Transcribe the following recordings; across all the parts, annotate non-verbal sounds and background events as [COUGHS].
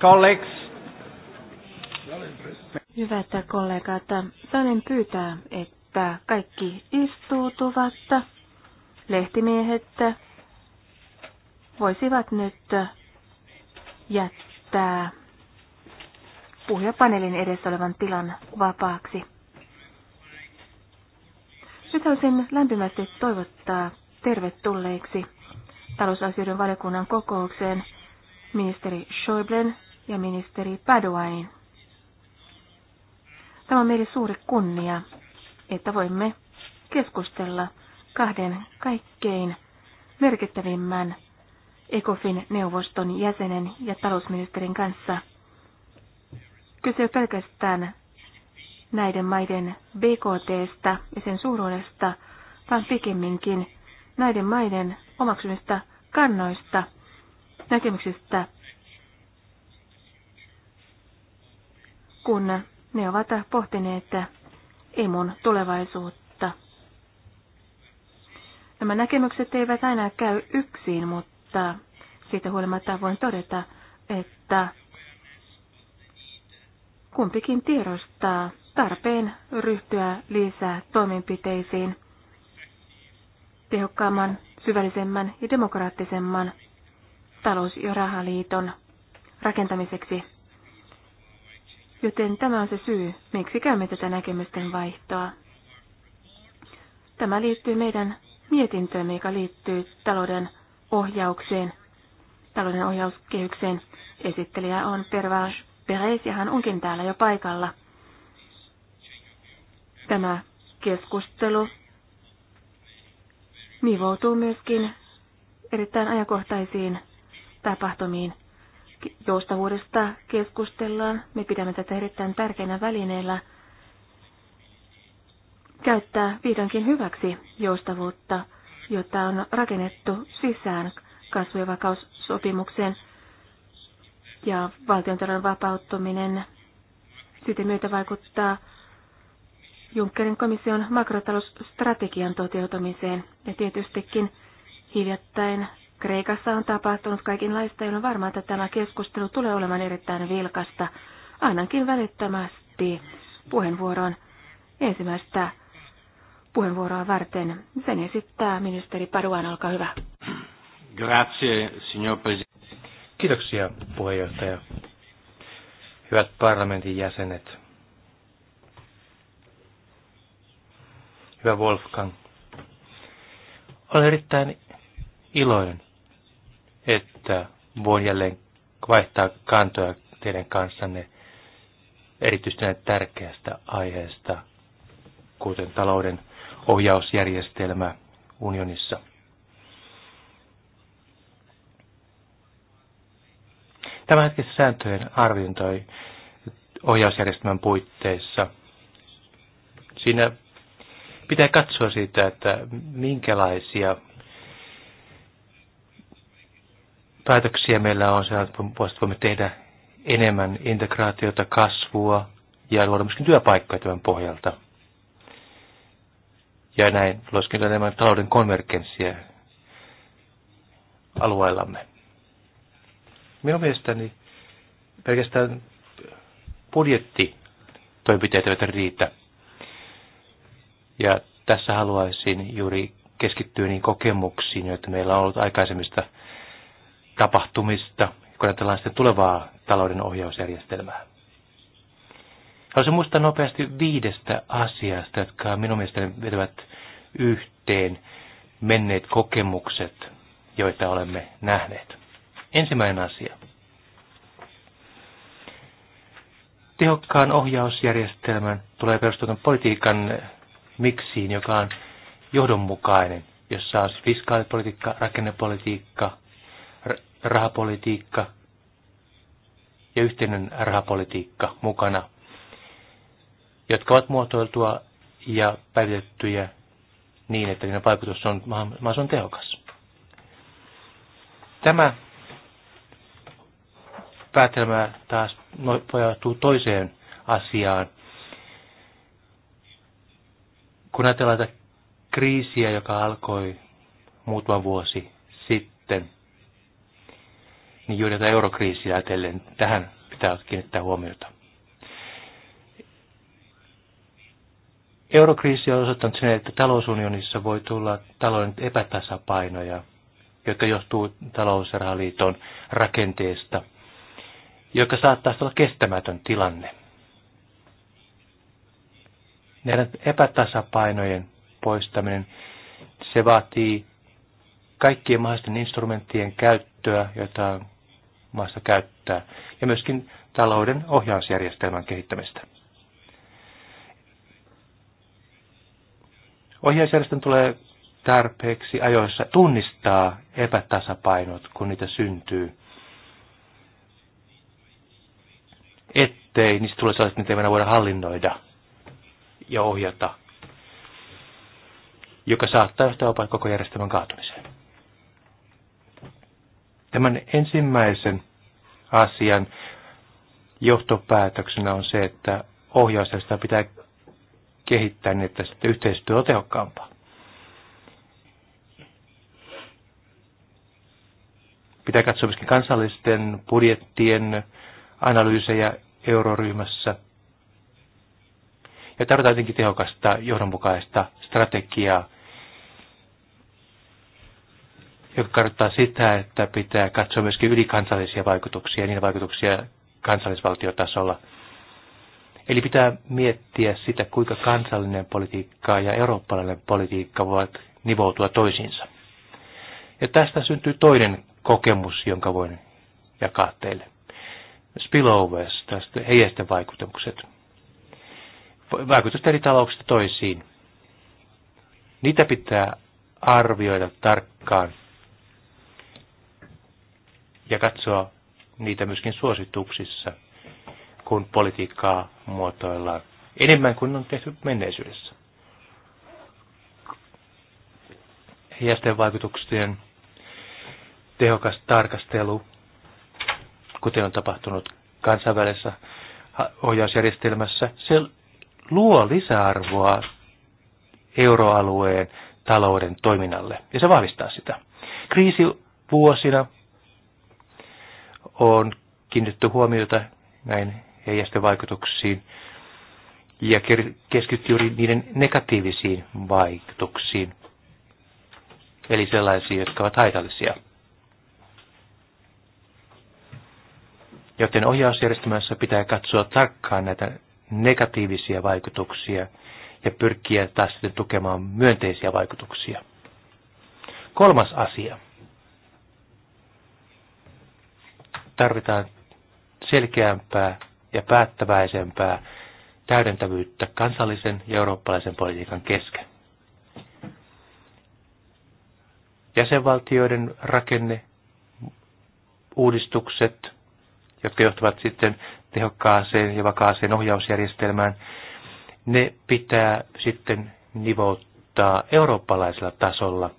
colleagues. Hyvät kollegat, Sanen pyytää, että kaikki istuutuvat lehtimiehet voisivat nyt jättää puhujapaneelin edessä olevan tilan vapaaksi. Nyt haluaisin lämpimästi toivottaa tervetulleiksi talousasioiden valiokunnan kokoukseen ministeri Schäublen ja ministeri Paduainin. Tämä on meille suuri kunnia, että voimme keskustella kahden kaikkein merkittävimmän ECOFIN-neuvoston jäsenen ja talousministerin kanssa. Kyse on pelkästään näiden maiden BKTstä ja sen suuruudesta, vaan pikemminkin näiden maiden omaksumista kannoista, näkemyksistä kun ne ovat pohtineet emun tulevaisuutta. Nämä näkemykset eivät aina käy yksin, mutta siitä huolimatta voin todeta, että kumpikin tiedostaa tarpeen ryhtyä lisää toimenpiteisiin tehokkaamman, syvällisemmän ja demokraattisemman talous- ja rahaliiton rakentamiseksi. Joten tämä on se syy, miksi käymme tätä näkemysten vaihtoa. Tämä liittyy meidän mietintöömme, joka liittyy talouden ohjaukseen, talouden ohjauskehykseen. Esittelijä on Pervas Perez ja hän onkin täällä jo paikalla. Tämä keskustelu nivoutuu myöskin erittäin ajankohtaisiin tapahtumiin joustavuudesta keskustellaan. Me pidämme tätä erittäin tärkeänä välineellä käyttää vihdoinkin hyväksi joustavuutta, jota on rakennettu sisään kasvu- ja vakaussopimukseen ja valtiontalouden vapauttuminen. Sitten myötä vaikuttaa Junckerin komission makrotalousstrategian toteutumiseen ja tietystikin hiljattain Kreikassa on tapahtunut kaikenlaista, jolloin varmaan, että tämä keskustelu tulee olemaan erittäin vilkasta. Ainakin välittömästi puheenvuoron ensimmäistä puheenvuoroa varten. Sen esittää ministeri Paduan, olkaa hyvä. Grazie, signor Presidente. Kiitoksia, puheenjohtaja. Hyvät parlamentin jäsenet. Hyvä Wolfgang. Olen erittäin iloinen että voin jälleen vaihtaa kantoja teidän kanssanne erityisesti näin tärkeästä aiheesta, kuten talouden ohjausjärjestelmä unionissa. tämä hetkessä sääntöjen arviointi ohjausjärjestelmän puitteissa. Siinä pitää katsoa siitä, että minkälaisia päätöksiä meillä on se, että voimme tehdä enemmän integraatiota, kasvua ja luoda myöskin työpaikkoja tämän pohjalta. Ja näin myöskin enemmän talouden konvergenssiä alueellamme. Minun mielestäni pelkästään budjettitoimenpiteet eivät riitä. Ja tässä haluaisin juuri keskittyä niin kokemuksiin, joita meillä on ollut aikaisemmista – tapahtumista, kun ajatellaan sitten tulevaa talouden ohjausjärjestelmää. Haluaisin muistaa nopeasti viidestä asiasta, jotka minun mielestäni vetävät yhteen menneet kokemukset, joita olemme nähneet. Ensimmäinen asia. Tehokkaan ohjausjärjestelmän tulee perustua politiikan miksiin, joka on johdonmukainen, jossa on siis fiskaalipolitiikka, rakennepolitiikka, rahapolitiikka ja yhteinen rahapolitiikka mukana, jotka ovat muotoiltua ja päivitettyjä niin, että niiden vaikutus on mahdollisimman tehokas. Tämä päätelmä taas pojautuu toiseen asiaan. Kun ajatellaan tätä kriisiä, joka alkoi muutama vuosi sitten, niin juuri tätä eurokriisiä ajatellen tähän pitää kiinnittää huomiota. Eurokriisi on osoittanut sen, että talousunionissa voi tulla talouden epätasapainoja, jotka johtuu talous- ja rakenteesta, joka saattaa olla kestämätön tilanne. Näiden epätasapainojen poistaminen, se vaatii kaikkien mahdollisten instrumenttien käyttöä, joita maassa käyttää, ja myöskin talouden ohjausjärjestelmän kehittämistä. Ohjausjärjestön tulee tarpeeksi ajoissa tunnistaa epätasapainot, kun niitä syntyy, ettei niistä tule sellaiset, mitä ei voida hallinnoida ja ohjata, joka saattaa johtaa jopa koko järjestelmän kaatumiseen. Tämän ensimmäisen asian johtopäätöksenä on se, että ohjausjärjestelmää pitää kehittää niin, että sitten yhteistyö on tehokkaampaa. Pitää katsoa myöskin kansallisten budjettien analyysejä euroryhmässä. Ja tarvitaan jotenkin tehokasta, johdonmukaista strategiaa joka kartoittaa sitä, että pitää katsoa myöskin ylikansallisia vaikutuksia ja niiden vaikutuksia kansallisvaltiotasolla. Eli pitää miettiä sitä, kuinka kansallinen politiikka ja eurooppalainen politiikka voivat nivoutua toisiinsa. Ja tästä syntyy toinen kokemus, jonka voin jakaa teille. Spillovers, tästä heijasten vaikutukset. Vaikutukset eri talouksista toisiin. Niitä pitää arvioida tarkkaan ja katsoa niitä myöskin suosituksissa, kun politiikkaa muotoillaan enemmän kuin on tehty menneisyydessä. Heijasten vaikutuksien tehokas tarkastelu, kuten on tapahtunut kansainvälisessä ohjausjärjestelmässä, se luo lisäarvoa euroalueen talouden toiminnalle ja se vahvistaa sitä. Kriisivuosina on kiinnitetty huomiota näin heijasten vaikutuksiin ja keskittyy juuri niiden negatiivisiin vaikutuksiin, eli sellaisiin, jotka ovat haitallisia. Joten ohjausjärjestelmässä pitää katsoa tarkkaan näitä negatiivisia vaikutuksia ja pyrkiä taas sitten tukemaan myönteisiä vaikutuksia. Kolmas asia. tarvitaan selkeämpää ja päättäväisempää täydentävyyttä kansallisen ja eurooppalaisen politiikan kesken. Jäsenvaltioiden rakenne, uudistukset, jotka johtavat sitten tehokkaaseen ja vakaaseen ohjausjärjestelmään, ne pitää sitten nivouttaa eurooppalaisella tasolla,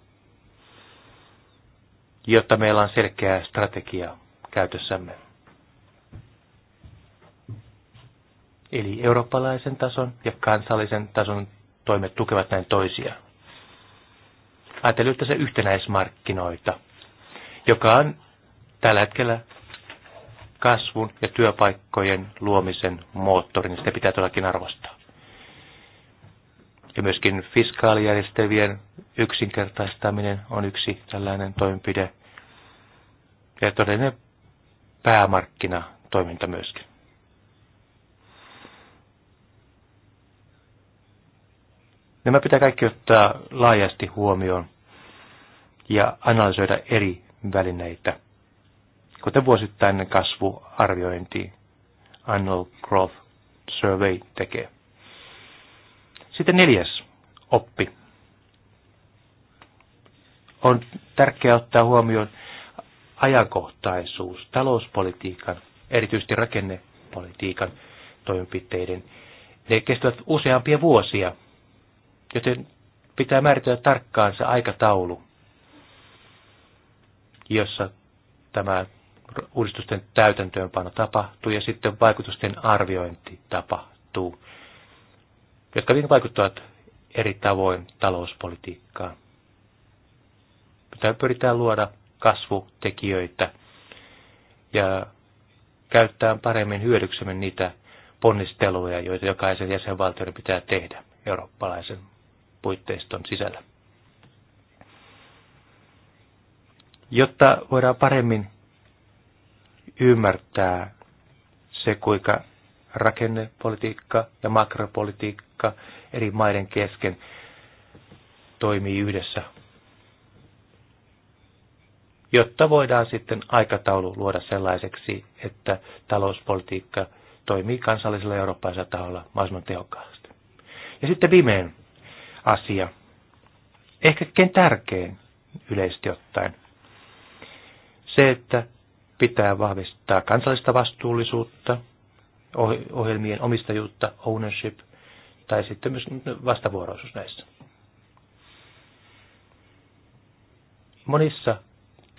jotta meillä on selkeä strategia käytössämme. Eli eurooppalaisen tason ja kansallisen tason toimet tukevat näin toisiaan. Ajatellaan se yhtenäismarkkinoita, joka on tällä hetkellä kasvun ja työpaikkojen luomisen moottori, niin sitä pitää todellakin arvostaa. Ja myöskin fiskaalijärjestelmien yksinkertaistaminen on yksi tällainen toimenpide. Ja todellinen päämarkkinatoiminta myöskin. Nämä pitää kaikki ottaa laajasti huomioon ja analysoida eri välineitä, kuten vuosittainen kasvuarviointi Annual Growth Survey tekee. Sitten neljäs oppi. On tärkeää ottaa huomioon ajankohtaisuus talouspolitiikan, erityisesti rakennepolitiikan toimenpiteiden. Ne kestävät useampia vuosia, joten pitää määritellä tarkkaan se aikataulu, jossa tämä uudistusten täytäntöönpano tapahtuu ja sitten vaikutusten arviointi tapahtuu, jotka vaikuttavat eri tavoin talouspolitiikkaan. Pitää pyritään luoda kasvutekijöitä ja käyttää paremmin hyödyksemme niitä ponnisteluja, joita jokaisen jäsenvaltion pitää tehdä eurooppalaisen puitteiston sisällä. Jotta voidaan paremmin ymmärtää se, kuinka rakennepolitiikka ja makropolitiikka eri maiden kesken toimii yhdessä jotta voidaan sitten aikataulu luoda sellaiseksi, että talouspolitiikka toimii kansallisella ja eurooppalaisella taholla mahdollisimman tehokkaasti. Ja sitten viimeinen asia, ehkä tärkein yleisesti ottaen, se, että pitää vahvistaa kansallista vastuullisuutta, ohjelmien omistajuutta, ownership, tai sitten myös vastavuoroisuus näissä. Monissa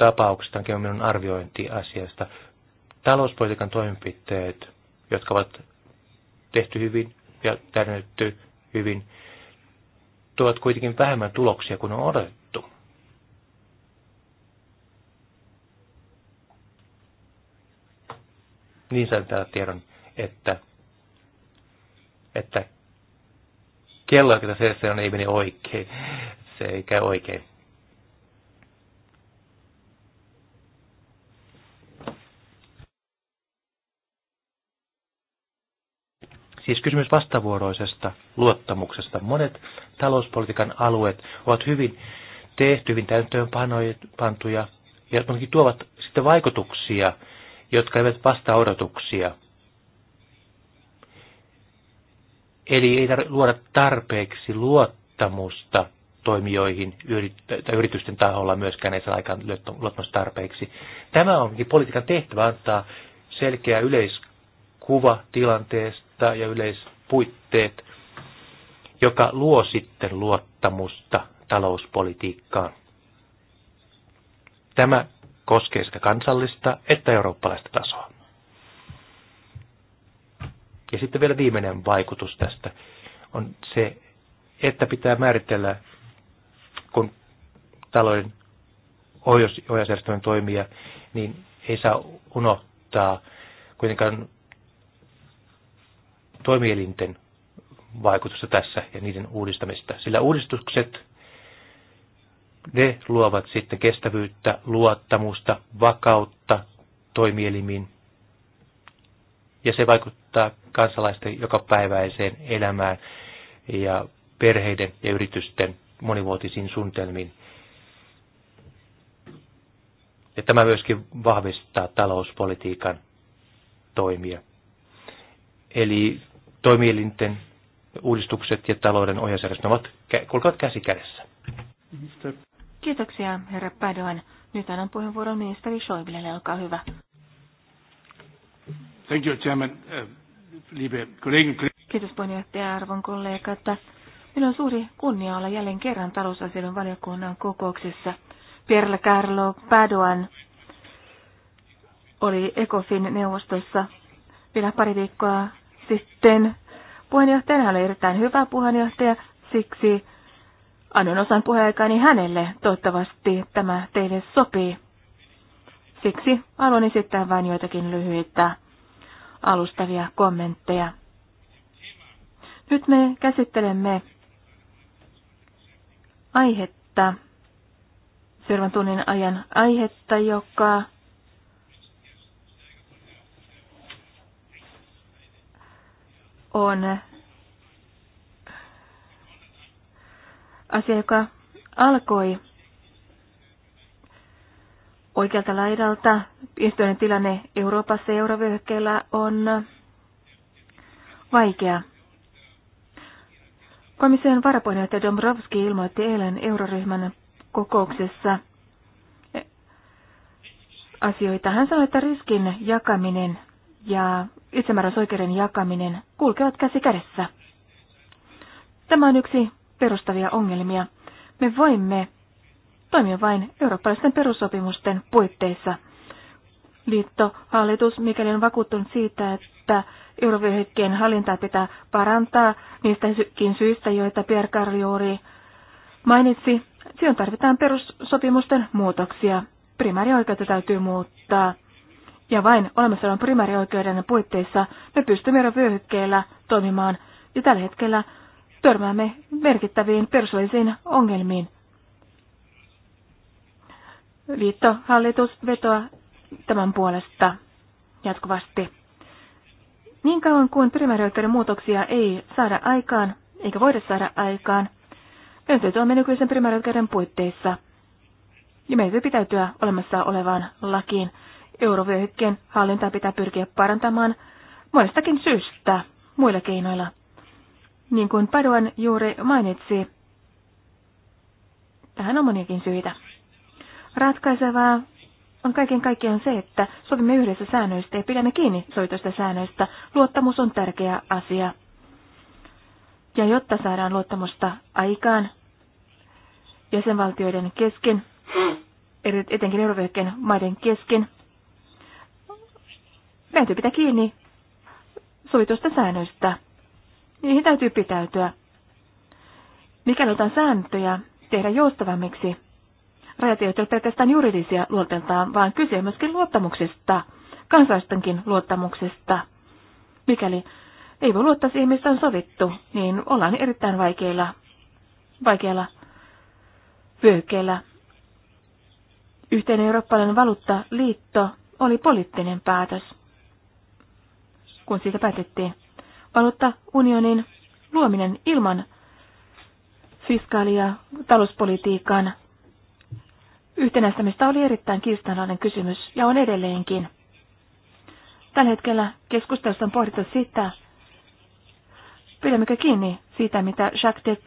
tapauksesta on minun arviointi asiasta. Talouspolitiikan toimenpiteet, jotka ovat tehty hyvin ja täydennetty hyvin, tuovat kuitenkin vähemmän tuloksia kuin on odotettu. Niin sain täällä tiedon, että, että kello, joka tässä on, ei mene oikein. Se ei käy oikein. Siis kysymys vastavuoroisesta luottamuksesta. Monet talouspolitiikan alueet ovat hyvin tehty, hyvin täyttöön pantuja ja tuovat sitten vaikutuksia, jotka eivät vastaa odotuksia. Eli ei tarvitse luoda tarpeeksi luottamusta toimijoihin tai yritysten taholla myöskään ei saa aikaan luottamusta tarpeeksi. Tämä onkin politiikan tehtävä antaa selkeä yleiskuva tilanteesta asettaa ja yleispuitteet, joka luo sitten luottamusta talouspolitiikkaan. Tämä koskee sekä kansallista että eurooppalaista tasoa. Ja sitten vielä viimeinen vaikutus tästä on se, että pitää määritellä, kun talouden ohjausjärjestelmän toimia, niin ei saa unohtaa kuitenkaan toimielinten vaikutusta tässä ja niiden uudistamista. Sillä uudistukset, ne luovat sitten kestävyyttä, luottamusta, vakautta toimielimiin. Ja se vaikuttaa kansalaisten jokapäiväiseen elämään ja perheiden ja yritysten monivuotisiin suunnitelmiin. Ja tämä myöskin vahvistaa talouspolitiikan toimia. Eli toimielinten uudistukset ja talouden ohjausjärjestelmä ovat, kulkevat käsi kädessä. Kiitoksia, herra Padoan. Nyt annan puheenvuoron ministeri Schäublelle, olkaa hyvä. Thank you, Chairman. Eh, liebe Kollegen. Kiitos puheenjohtaja arvon kollegat. Minulla on suuri kunnia olla jälleen kerran talousasioiden valiokunnan kokouksessa. Pierre Carlo Padoan oli ECOFIN neuvostossa vielä pari viikkoa sitten puheenjohtajana hän oli erittäin hyvä puheenjohtaja, siksi annan osan puheaikaani hänelle. Toivottavasti tämä teille sopii. Siksi haluan esittää vain joitakin lyhyitä alustavia kommentteja. Nyt me käsittelemme aihetta, seuraavan tunnin ajan aihetta, joka on asia, joka alkoi oikealta laidalta. Yhteinen tilanne Euroopassa ja eurovyöhykkeellä on vaikea. Komission varapuheenjohtaja Dombrovski ilmoitti eilen euroryhmän kokouksessa asioita. Hän sanoi, että riskin jakaminen ja itsemääräisoikeuden jakaminen kulkevat käsi kädessä. Tämä on yksi perustavia ongelmia. Me voimme toimia vain eurooppalaisten perussopimusten puitteissa. Liittohallitus, mikäli on vakuuttunut siitä, että eurovyöhykkeen hallintaa pitää parantaa niistäkin syistä, joita Pierre Carliori mainitsi, siihen tarvitaan perussopimusten muutoksia. Primäärioikeutta täytyy muuttaa. Ja vain olemassa olevan primäärioikeuden puitteissa me pystymme vyöhykkeellä, toimimaan ja tällä hetkellä törmäämme merkittäviin perustuslaillisiin ongelmiin. Liittohallitus vetoa tämän puolesta jatkuvasti. Niin kauan kuin primäärioikeuden muutoksia ei saada aikaan, eikä voida saada aikaan, meidän täytyy olla nykyisen primäärioikeuden puitteissa. Ja meidän täytyy pitäytyä olemassa olevaan lakiin. Eurovyöhykkeen hallintaa pitää pyrkiä parantamaan monestakin syystä muilla keinoilla. Niin kuin Paduan juuri mainitsi, tähän on moniakin syitä. Ratkaisevaa on kaiken kaikkiaan se, että sovimme yhdessä säännöistä ja pidämme kiinni soitoista säännöistä. Luottamus on tärkeä asia. Ja jotta saadaan luottamusta aikaan jäsenvaltioiden kesken, etenkin eurovyöhykkeen maiden kesken, Täytyy pitää kiinni sovitusta säännöistä. Niihin täytyy pitäytyä. Mikäli otan sääntöjä tehdä joustavammiksi, rajat eivät ole pelkästään juridisia luoteltaan, vaan kyse on myöskin luottamuksesta, kansalaistenkin luottamuksesta. Mikäli ei voi luottaa siihen, mistä on sovittu, niin ollaan erittäin vaikeilla, vaikeilla vyöhykkeillä. Yhteinen eurooppalainen valuuttaliitto oli poliittinen päätös kun siitä päätettiin. unionin luominen ilman fiskaali- ja talouspolitiikan yhtenäistämistä oli erittäin kiistanalainen kysymys ja on edelleenkin. Tällä hetkellä keskustelussa on pohdittu sitä, pidämmekö kiinni siitä, mitä Jacques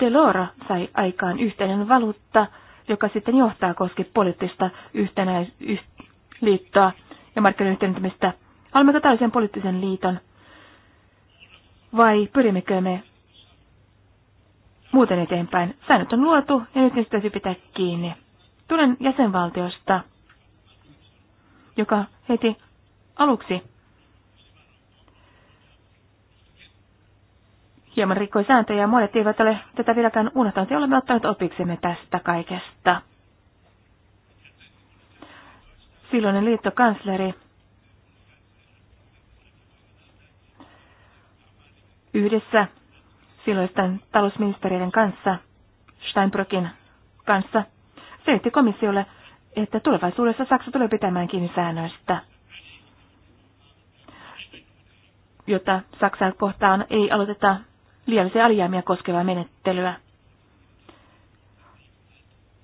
Delors sai aikaan yhteinen valuutta, joka sitten johtaa koski poliittista yhtenäisyyttä liittoa ja markkinoiden Olemmeko täysin poliittisen liiton vai pyrimmekö me muuten eteenpäin? Säännöt on luotu ja nyt niistä täytyy pitää kiinni. Tulen jäsenvaltiosta, joka heti aluksi hieman rikkoi sääntöjä ja monet eivät ole tätä vieläkään unohtanut ja olemme ottaneet opiksemme tästä kaikesta. Silloinen liittokansleri yhdessä silloisten talousministeriöiden kanssa, Steinbrockin kanssa, selitti komissiolle, että tulevaisuudessa Saksa tulee pitämään kiinni säännöistä, jotta Saksan kohtaan ei aloiteta liiallisia alijäämiä koskevaa menettelyä.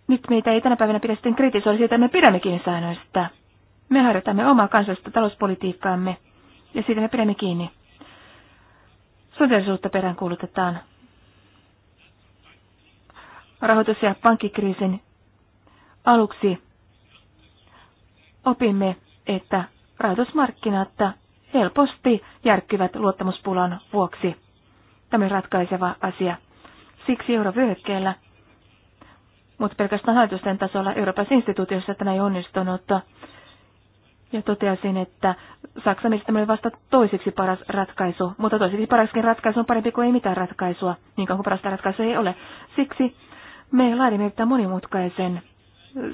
Nyt meitä ei tänä päivänä pidä sitten kritisoida siitä, että me pidämme kiinni säännöistä. Me harjoitamme omaa kansallista talouspolitiikkaamme ja siitä me pidämme kiinni. Sosiaalisuutta peräänkuulutetaan rahoitus- ja pankkikriisin aluksi opimme, että rahoitusmarkkinat helposti järkkyvät luottamuspulan vuoksi. Tämä on ratkaiseva asia. Siksi eurovyöhykkeellä, mutta pelkästään hallitusten tasolla Euroopan instituutiossa tämä ei onnistunut. Ja toteasin, että Saksan mielestä oli vasta toiseksi paras ratkaisu, mutta toiseksi paraskin ratkaisu on parempi kuin ei mitään ratkaisua, niin kauan kuin parasta ratkaisua ei ole. Siksi me laadimme tämän monimutkaisen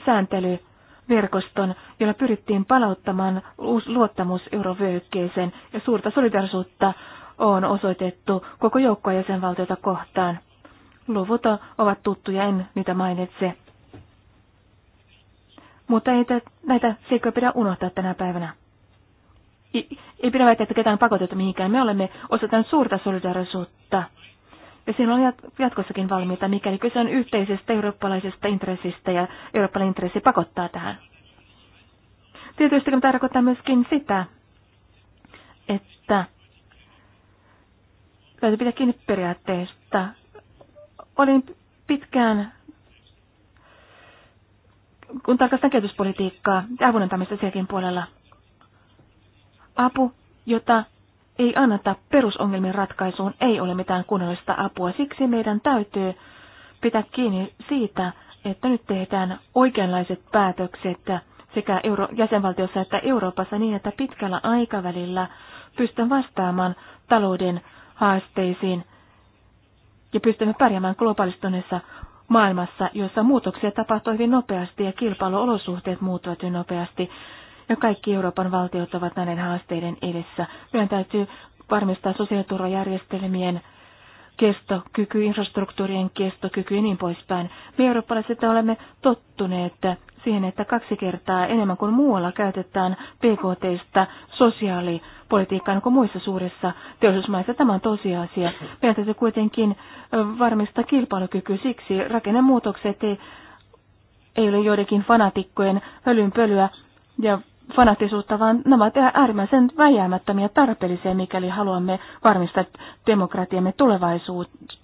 sääntelyverkoston, jolla pyrittiin palauttamaan uusi luottamus eurovyöhykkeeseen ja suurta solidarisuutta on osoitettu koko joukkoa jäsenvaltiota kohtaan. Luvut ovat tuttuja, en niitä mainitse. Mutta ei näitä seikkoja pidä unohtaa tänä päivänä. Ei, ei pidä väittää, että ketään pakotettu mihinkään. Me olemme osoittaneet suurta solidarisuutta. Ja siinä on jatkossakin valmiita, mikäli kyse on yhteisestä eurooppalaisesta intressistä ja eurooppalainen intressi pakottaa tähän. Tietysti tämä tarkoittaa myöskin sitä, että täytyy pitää kiinni periaatteesta. Olin pitkään kun tarkastan kehityspolitiikkaa ja avun antamista sielläkin puolella, apu, jota ei anneta perusongelmien ratkaisuun, ei ole mitään kunnollista apua. Siksi meidän täytyy pitää kiinni siitä, että nyt tehdään oikeanlaiset päätökset sekä Euro- jäsenvaltiossa että Euroopassa niin, että pitkällä aikavälillä pystymme vastaamaan talouden haasteisiin ja pystymme pärjäämään globaalistuneessa maailmassa, jossa muutoksia tapahtuu hyvin nopeasti ja kilpailuolosuhteet muuttuvat hyvin nopeasti. Ja kaikki Euroopan valtiot ovat näiden haasteiden edessä. Meidän täytyy varmistaa sosiaaliturvajärjestelmien kestokyky, infrastruktuurien kestokyky ja niin poispäin. Me eurooppalaiset olemme tottuneet siihen, että kaksi kertaa enemmän kuin muualla käytetään PKTstä sosiaalipolitiikkaan kuin muissa suurissa teollisuusmaissa. Tämä on tosiasia. Meidän täytyy kuitenkin varmistaa kilpailukyky siksi. Rakennemuutokset ei, ei ole joidenkin fanatikkojen hölynpölyä ja fanatisuutta, vaan nämä ovat äärimmäisen väjäämättömiä tarpeellisia, mikäli haluamme varmistaa demokratiamme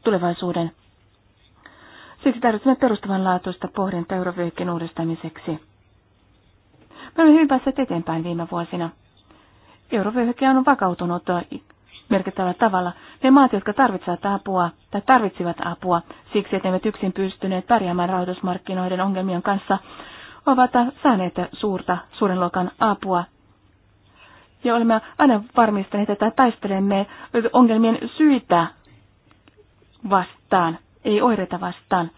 tulevaisuuden Siksi tarvitsemme perustavanlaatuista pohdinta eurovyöhykkeen uudistamiseksi. Me olemme hyvin päässeet eteenpäin viime vuosina. Eurovyöhyke on vakautunut merkittävällä tavalla. Ne maat, jotka tarvitsevat apua tai tarvitsivat apua siksi, että eivät yksin pystyneet pärjäämään rahoitusmarkkinoiden ongelmien kanssa, ovat saaneet suurta, suuren luokan apua. Ja olemme aina varmistaneet, että taistelemme ongelmien syitä vastaan – ei oireita vastaan.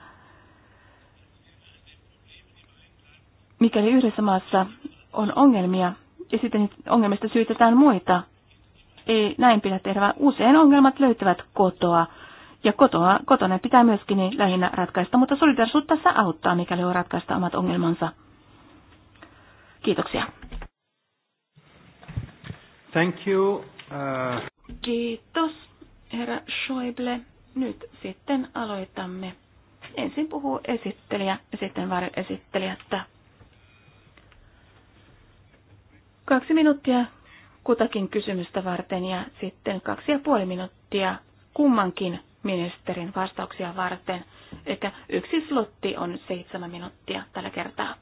Mikäli yhdessä maassa on ongelmia ja sitten ongelmista syytetään muita, ei näin pidä tehdä, vaan usein ongelmat löytävät kotoa. Ja kotoa, kotona pitää myöskin niin lähinnä ratkaista, mutta solidarisuus tässä auttaa, mikäli on ratkaista omat ongelmansa. Kiitoksia. Thank you. Uh... Kiitos, herra Schäuble. Nyt sitten aloitamme. Ensin puhuu esittelijä ja sitten varjoesittelijättä. Kaksi minuuttia kutakin kysymystä varten ja sitten kaksi ja puoli minuuttia kummankin ministerin vastauksia varten. Eli yksi slotti on seitsemän minuuttia tällä kertaa,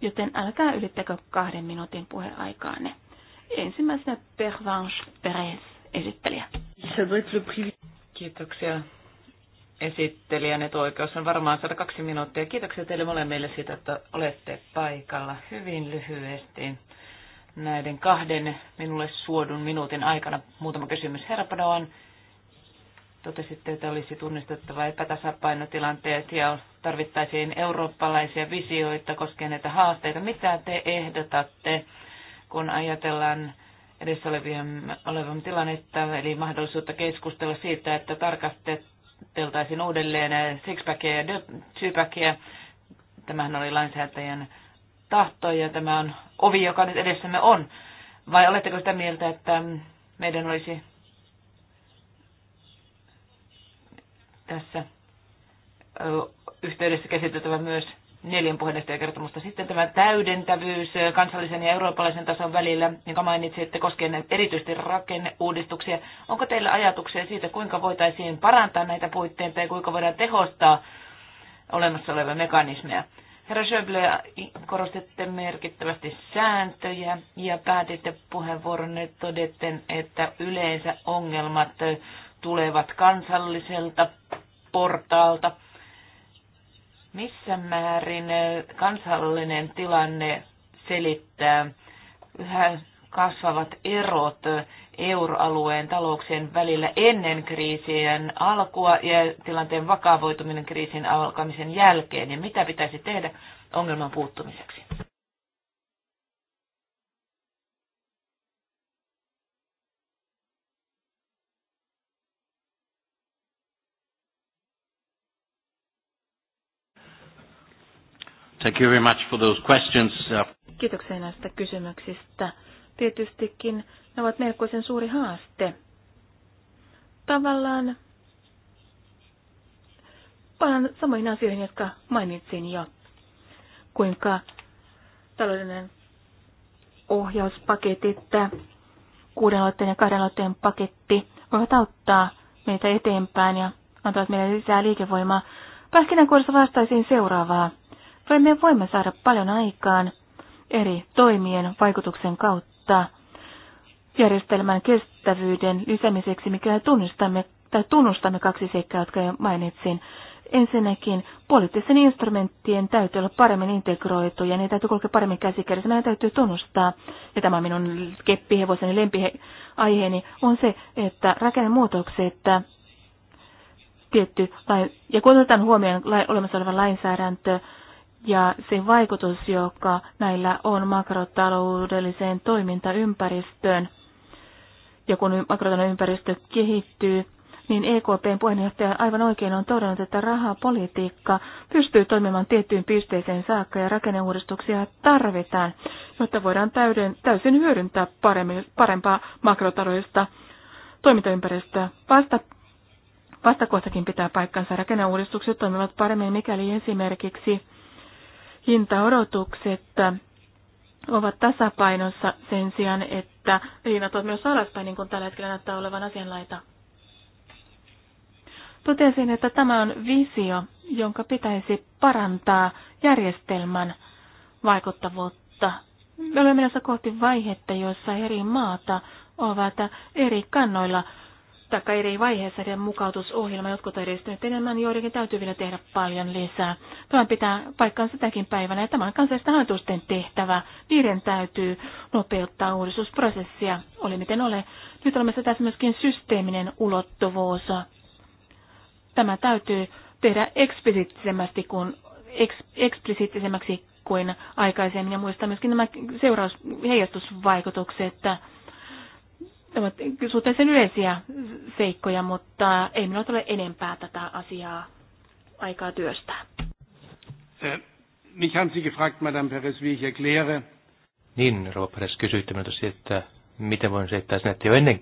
joten älkää ylittäkö kahden minuutin puheaikaanne. Ensimmäisenä Pervanche Perez, esittelijä. Kiitoksia esittelijän oikeus on varmaan saada kaksi minuuttia. Kiitoksia teille molemmille siitä, että olette paikalla hyvin lyhyesti. Näiden kahden minulle suodun minuutin aikana muutama kysymys. Herra Padoan, totesitte, että olisi tunnistettava epätasapainotilanteet ja tarvittaisiin eurooppalaisia visioita koskien näitä haasteita. Mitä te ehdotatte, kun ajatellaan edessä olevan tilannetta, eli mahdollisuutta keskustella siitä, että tarkasteltaisiin uudelleen eh, sixpackia ja twopackia. Tämähän oli lainsäätäjän tahto ja tämä on ovi, joka nyt edessämme on. Vai oletteko sitä mieltä, että meidän olisi tässä yhteydessä käsiteltävä myös neljän puheenjohtajakertomusta. Sitten tämä täydentävyys kansallisen ja eurooppalaisen tason välillä, jonka mainitsitte, näitä erityisesti rakenneuudistuksia. Onko teillä ajatuksia siitä, kuinka voitaisiin parantaa näitä puitteita ja kuinka voidaan tehostaa olemassa olevia mekanismeja? Herra Schöble, korostitte merkittävästi sääntöjä ja päätitte puheenvuoronne todetten, että yleensä ongelmat tulevat kansalliselta portaalta – missä määrin eh, kansallinen tilanne selittää yhä kasvavat erot eh, euroalueen talouksien välillä ennen kriisien alkua ja tilanteen vakavoituminen kriisin alkamisen jälkeen ja mitä pitäisi tehdä ongelman puuttumiseksi? Thank you very much for those questions. Kiitoksia näistä kysymyksistä. Tietystikin ne ovat melkoisen suuri haaste. Tavallaan palaan samoihin asioihin, jotka mainitsin jo. Kuinka taloudellinen ohjauspaketti, kuuden aloitteen ja kahden aloitteen paketti voivat auttaa meitä eteenpäin ja antavat meille lisää liikevoimaa. Pähkinänkuoressa vastaisin seuraavaa. Vai me voimme saada paljon aikaan eri toimien vaikutuksen kautta järjestelmän kestävyyden lisäämiseksi, mikä tunnistamme tai tunnustamme kaksi seikkaa, jotka jo mainitsin. Ensinnäkin poliittisten instrumenttien täytyy olla paremmin integroitu ja niitä täytyy kulkea paremmin käsikädessä. Meidän täytyy tunnustaa, ja tämä on minun keppihevoseni lempiaiheeni, on se, että rakennemuutokset tietty ja kun otetaan huomioon olemassa oleva lainsäädäntö ja se vaikutus, joka näillä on makrotaloudelliseen toimintaympäristöön. Ja kun makrotalouden ympäristö kehittyy, niin EKPn puheenjohtaja aivan oikein on todennut, että rahapolitiikka pystyy toimimaan tiettyyn pisteeseen saakka ja rakenneuudistuksia tarvitaan, jotta voidaan täyden, täysin hyödyntää paremmin, parempaa makrotaloudellista toimintaympäristöä. Vasta, vastakohtakin pitää paikkansa. Rakenneuudistukset toimivat paremmin, mikäli esimerkiksi hintaodotukset ovat tasapainossa sen sijaan, että hinnat ovat myös alaspäin, niin kuin tällä hetkellä näyttää olevan asianlaita. Totesin, että tämä on visio, jonka pitäisi parantaa järjestelmän vaikuttavuutta. Me olemme menossa kohti vaihetta, jossa eri maata ovat eri kannoilla taikka eri vaiheessa heidän mukautusohjelma. Jotkut ovat edistyneet enemmän, joidenkin täytyy vielä tehdä paljon lisää. Tämä pitää paikkaansa sitäkin päivänä ja tämä on kansallista hallitusten tehtävä. Niiden täytyy nopeuttaa uudistusprosessia, oli miten ole. Nyt olemassa tässä myöskin systeeminen ulottuvuus. Tämä täytyy tehdä eksplisiittisemmästi kuin, eks, eksplisiittisemmäksi kuin aikaisemmin ja muistaa myöskin nämä seuraus, heijastusvaikutukset, että ovat suhteellisen yleisiä seikkoja, mutta ei minulla ole enempää tätä asiaa aikaa työstää. Äh, mich haben Sie gefragt, Madame Perez, wie ich erkläre. Niin, Rova Perez, kysyitte minulta että miten voin selittää sen, että jo ennen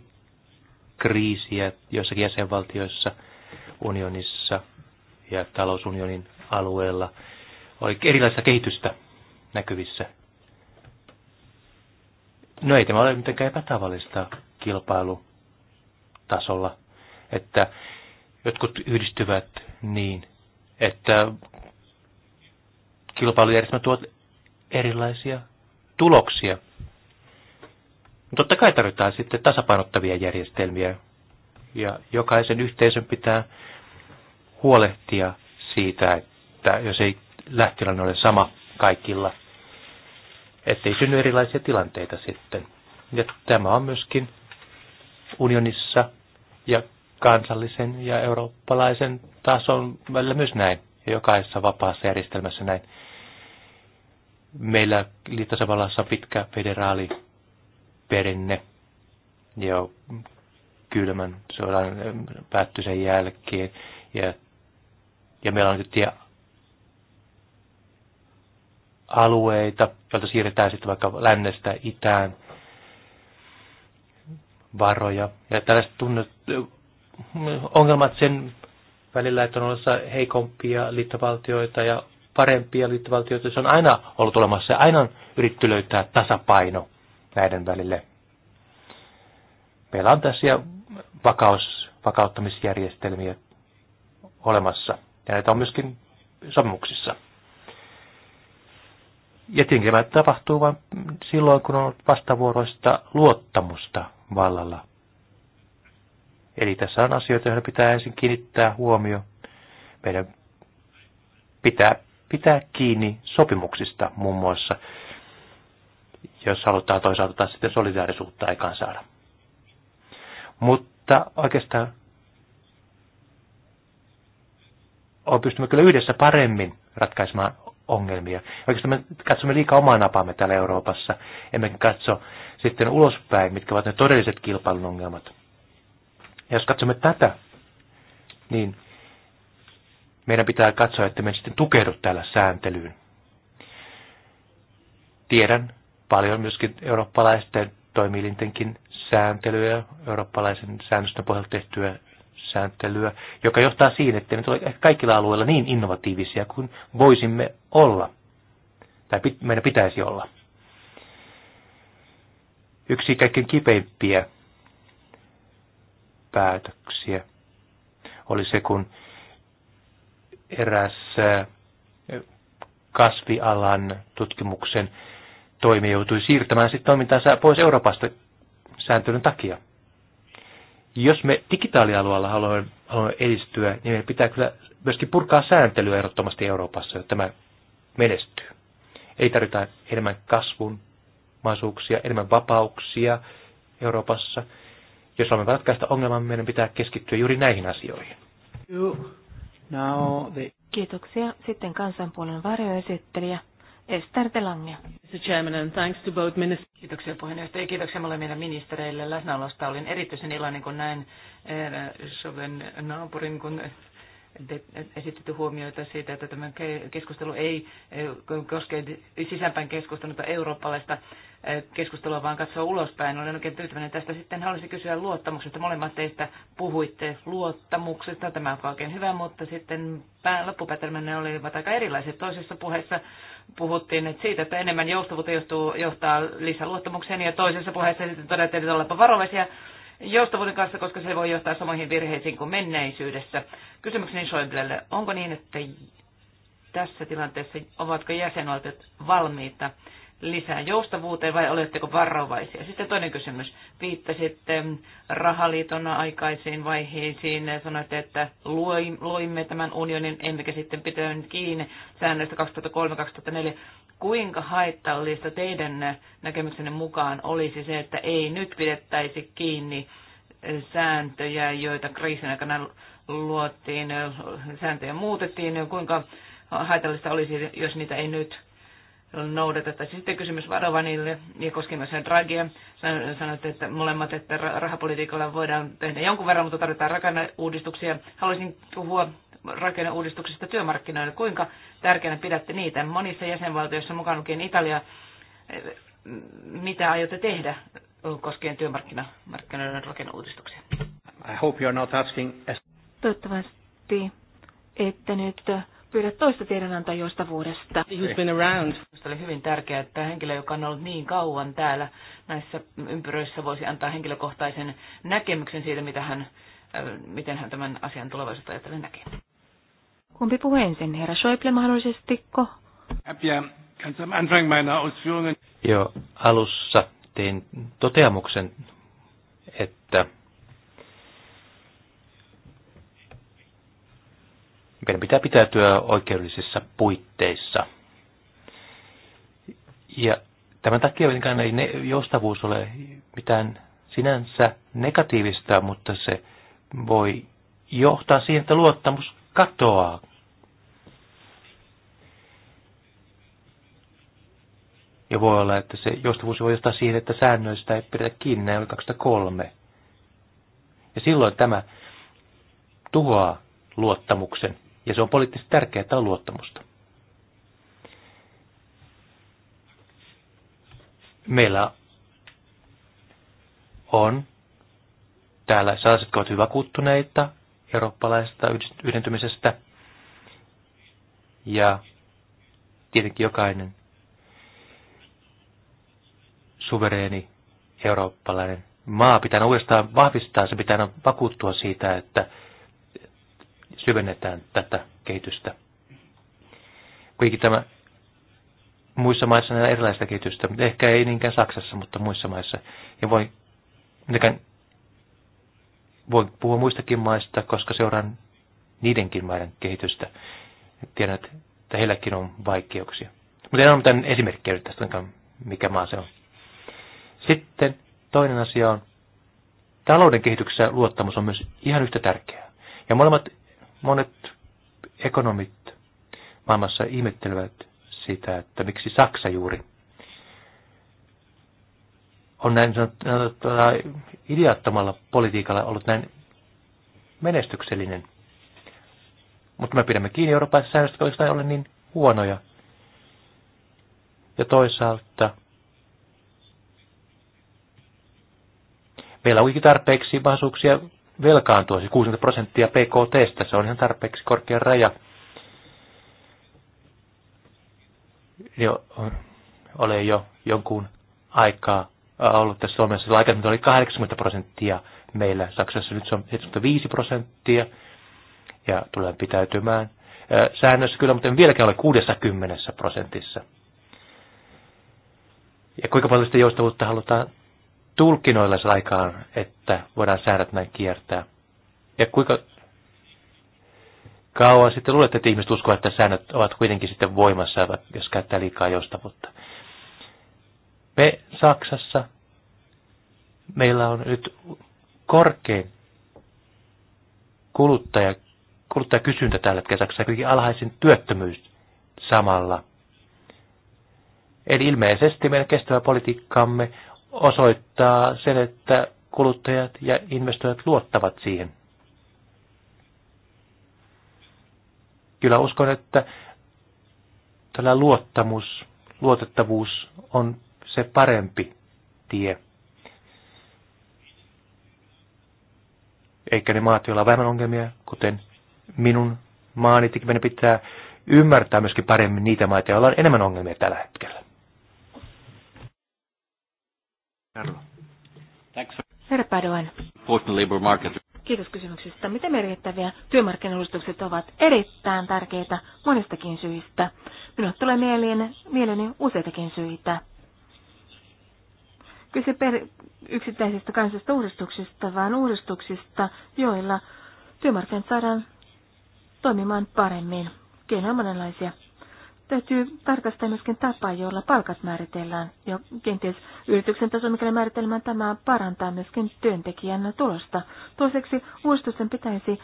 kriisiä joissakin jäsenvaltioissa, unionissa ja talousunionin alueella oli erilaista kehitystä näkyvissä. No ei tämä ole mitenkään epätavallista kilpailutasolla, että jotkut yhdistyvät niin, että kilpailujärjestelmä tuot erilaisia tuloksia. Totta kai tarvitaan sitten tasapainottavia järjestelmiä, ja jokaisen yhteisön pitää huolehtia siitä, että jos ei lähtilanne ole sama kaikilla, ettei synny erilaisia tilanteita sitten. Ja tämä on myöskin unionissa ja kansallisen ja eurooppalaisen tason välillä myös näin, ja jokaisessa vapaassa järjestelmässä näin. Meillä liittosavallassa on pitkä perinne jo kylmän sodan eh, päättyi sen jälkeen, ja, ja meillä on nyt alueita, joita siirretään sitten vaikka lännestä itään, varoja. Ja tällaiset tunnet, ongelmat sen välillä, että on olemassa heikompia liittovaltioita ja parempia liittovaltioita, se on aina ollut olemassa ja aina on yritetty löytää tasapaino näiden välille. Meillä on tässä vakaus, vakauttamisjärjestelmiä olemassa ja näitä on myöskin sopimuksissa. Ja tietenkin tämä tapahtuu vain silloin, kun on vastavuoroista luottamusta vallalla. Eli tässä on asioita, joihin pitää ensin kiinnittää huomio. Meidän pitää pitää kiinni sopimuksista muun muassa, jos halutaan toisaalta taas sitten solidaarisuutta aikaan saada. Mutta oikeastaan on pystymme kyllä yhdessä paremmin ratkaisemaan ongelmia. Oikeastaan me katsomme liikaa omaa napaamme täällä Euroopassa, emme katso sitten ulospäin, mitkä ovat ne todelliset kilpailun ongelmat. Ja jos katsomme tätä, niin meidän pitää katsoa, että me sitten tukehdu täällä sääntelyyn. Tiedän paljon myöskin eurooppalaisten toimielintenkin sääntelyä, eurooppalaisen säännöstön pohjalta tehtyä sääntelyä, joka johtaa siihen, että me ole kaikilla alueilla niin innovatiivisia kuin voisimme olla, tai meidän pitäisi olla. Yksi kaikkein kipeimpiä päätöksiä oli se, kun eräs kasvialan tutkimuksen toimija joutui siirtämään sitten toimintansa pois Euroopasta sääntelyn takia. Jos me digitaalialueella haluamme, haluamme edistyä, niin meidän pitää kyllä myöskin purkaa sääntelyä erottomasti Euroopassa, jotta tämä menestyy. Ei tarvita enemmän kasvun mahdollisuuksia, enemmän vapauksia Euroopassa. Jos haluamme ratkaista ongelman, meidän pitää keskittyä juuri näihin asioihin. Kiitoksia. Sitten kansanpuolen varjoesittelijä Esther Telangia. Kiitoksia puheenjohtaja ja kiitoksia molemmille ministereille läsnäolosta. Olin erityisen iloinen, kun näin eh, Soven naapurin, kun esitetty huomioita siitä, että tämä keskustelu ei eh, koske sisäänpäin keskustelua eurooppalaista eh, keskustelua, vaan katsoa ulospäin. Olen oikein tyytyväinen tästä. Sitten haluaisin kysyä luottamuksesta. Molemmat teistä puhuitte luottamuksesta. Tämä on oikein hyvä, mutta sitten loppupäätelmänne olivat aika erilaiset. Toisessa puheessa puhuttiin että siitä, että enemmän joustavuutta johtuu, johtaa lisäluottamukseen ja toisessa puheessa sitten todettiin, että olepa varovaisia joustavuuden kanssa, koska se voi johtaa samoihin virheisiin kuin menneisyydessä. Kysymykseni Schäublelle, onko niin, että tässä tilanteessa ovatko jäsenvaltiot valmiita lisää joustavuuteen vai oletteko varovaisia? Sitten toinen kysymys. Viittasitte rahaliiton aikaisiin vaiheisiin. Sanoitte, että loimme tämän unionin, emmekä sitten pitänyt kiinni säännöistä 2003-2004. Kuinka haittallista teidän näkemyksenne mukaan olisi se, että ei nyt pidettäisi kiinni sääntöjä, joita kriisin aikana luotiin, sääntöjä muutettiin, kuinka haitallista olisi, jos niitä ei nyt noudatettaisiin. Sitten kysymys Varovanille ja koskien myös Dragia. Sanoitte, että molemmat, että rahapolitiikalla voidaan tehdä jonkun verran, mutta tarvitaan rakenneuudistuksia. Haluaisin puhua rakenneuudistuksista työmarkkinoille. Kuinka tärkeänä pidätte niitä? Monissa jäsenvaltioissa, mukaan lukien Italia, mitä aiotte tehdä koskien työmarkkinoiden rakenneuudistuksia? I hope you are not asking... Toivottavasti että nyt pyydä toista tiedonantoa vuodesta. Minusta Oli hyvin tärkeää, että henkilö, joka on ollut niin kauan täällä näissä ympyröissä, voisi antaa henkilökohtaisen näkemyksen siitä, mitä hän, äh, miten hän tämän asian tulevaisuutta ajatellen näkee. Kumpi puhuu ensin, herra Schäuble mahdollisesti? Ja äh, Jo alussa tein toteamuksen Meidän pitää pitäytyä oikeudellisissa puitteissa. Ja tämän takia ei ne, joustavuus ole mitään sinänsä negatiivista, mutta se voi johtaa siihen, että luottamus katoaa. Ja voi olla, että se joustavuus voi johtaa siihen, että säännöistä ei pidetä kiinni, näin oli 2003. Ja silloin tämä tuhoaa luottamuksen. Ja se on poliittisesti tärkeää, että on luottamusta. Meillä on täällä sellaiset, jotka ovat hyväkuuttuneita eurooppalaisesta yhdentymisestä. Ja tietenkin jokainen suvereeni eurooppalainen maa pitää uudestaan vahvistaa, se pitää vakuuttua siitä, että syvennetään tätä kehitystä. Kuitenkin tämä muissa maissa on erilaista kehitystä, mutta ehkä ei niinkään Saksassa, mutta muissa maissa. Ja voi, mitenkään, voi puhua muistakin maista, koska seuraan niidenkin maiden kehitystä. Tiedän, että heilläkin on vaikeuksia. Mutta en ole mitään esimerkkejä nyt tästä, mikä maa se on. Sitten toinen asia on, talouden kehityksessä luottamus on myös ihan yhtä tärkeää. Ja molemmat Monet ekonomit maailmassa ihmettelevät sitä, että miksi Saksa juuri on näin sanottuna ideattomalla politiikalla ollut näin menestyksellinen. Mutta me pidämme kiinni Euroopan säännöstä, koska ei ole niin huonoja. Ja toisaalta meillä onkin tarpeeksi mahdollisuuksia velkaantuisi 60 prosenttia PKTstä. Se on ihan tarpeeksi korkea raja. Jo, ole jo jonkun aikaa äh, ollut tässä Suomessa. Aikaisemmin oli 80 prosenttia meillä Saksassa, nyt se on 75 prosenttia ja tulee pitäytymään äh, säännössä kyllä, mutta en vieläkään ole 60 prosentissa. Ja kuinka paljon sitä joustavuutta halutaan tulkinnoilla se aikaan, että voidaan säädöt näin kiertää? Ja kuinka kauan sitten luulette, että ihmiset uskovat, että säännöt ovat kuitenkin sitten voimassa, jos käyttää liikaa joustavuutta? Me Saksassa, meillä on nyt korkein kuluttaja, kuluttajakysyntä tällä hetkellä Saksassa, kuitenkin alhaisin työttömyys samalla. Eli ilmeisesti meidän kestävä politiikkamme osoittaa sen, että kuluttajat ja investoijat luottavat siihen. Kyllä uskon, että tällä luottamus, luotettavuus on se parempi tie. Eikä ne maat, joilla on vähemmän ongelmia, kuten minun maani, meidän pitää ymmärtää myöskin paremmin niitä maita, joilla on enemmän ongelmia tällä hetkellä. Thanks. Herra Padoan. Kiitos kysymyksestä. Miten merkittäviä työmarkkinaluistukset ovat erittäin tärkeitä monistakin syistä? Minulle tulee mieleen, mieleeni useitakin syitä. Kyse per yksittäisistä kansallisista uudistuksista, vaan uudistuksista, joilla työmarkkinat saadaan toimimaan paremmin. Keinoja monenlaisia. Täytyy tarkastaa myöskin tapa, jolla palkat määritellään. ja kenties yrityksen taso, mikä määritelmään tämä parantaa myöskin työntekijän tulosta. Toiseksi uudistusten pitäisi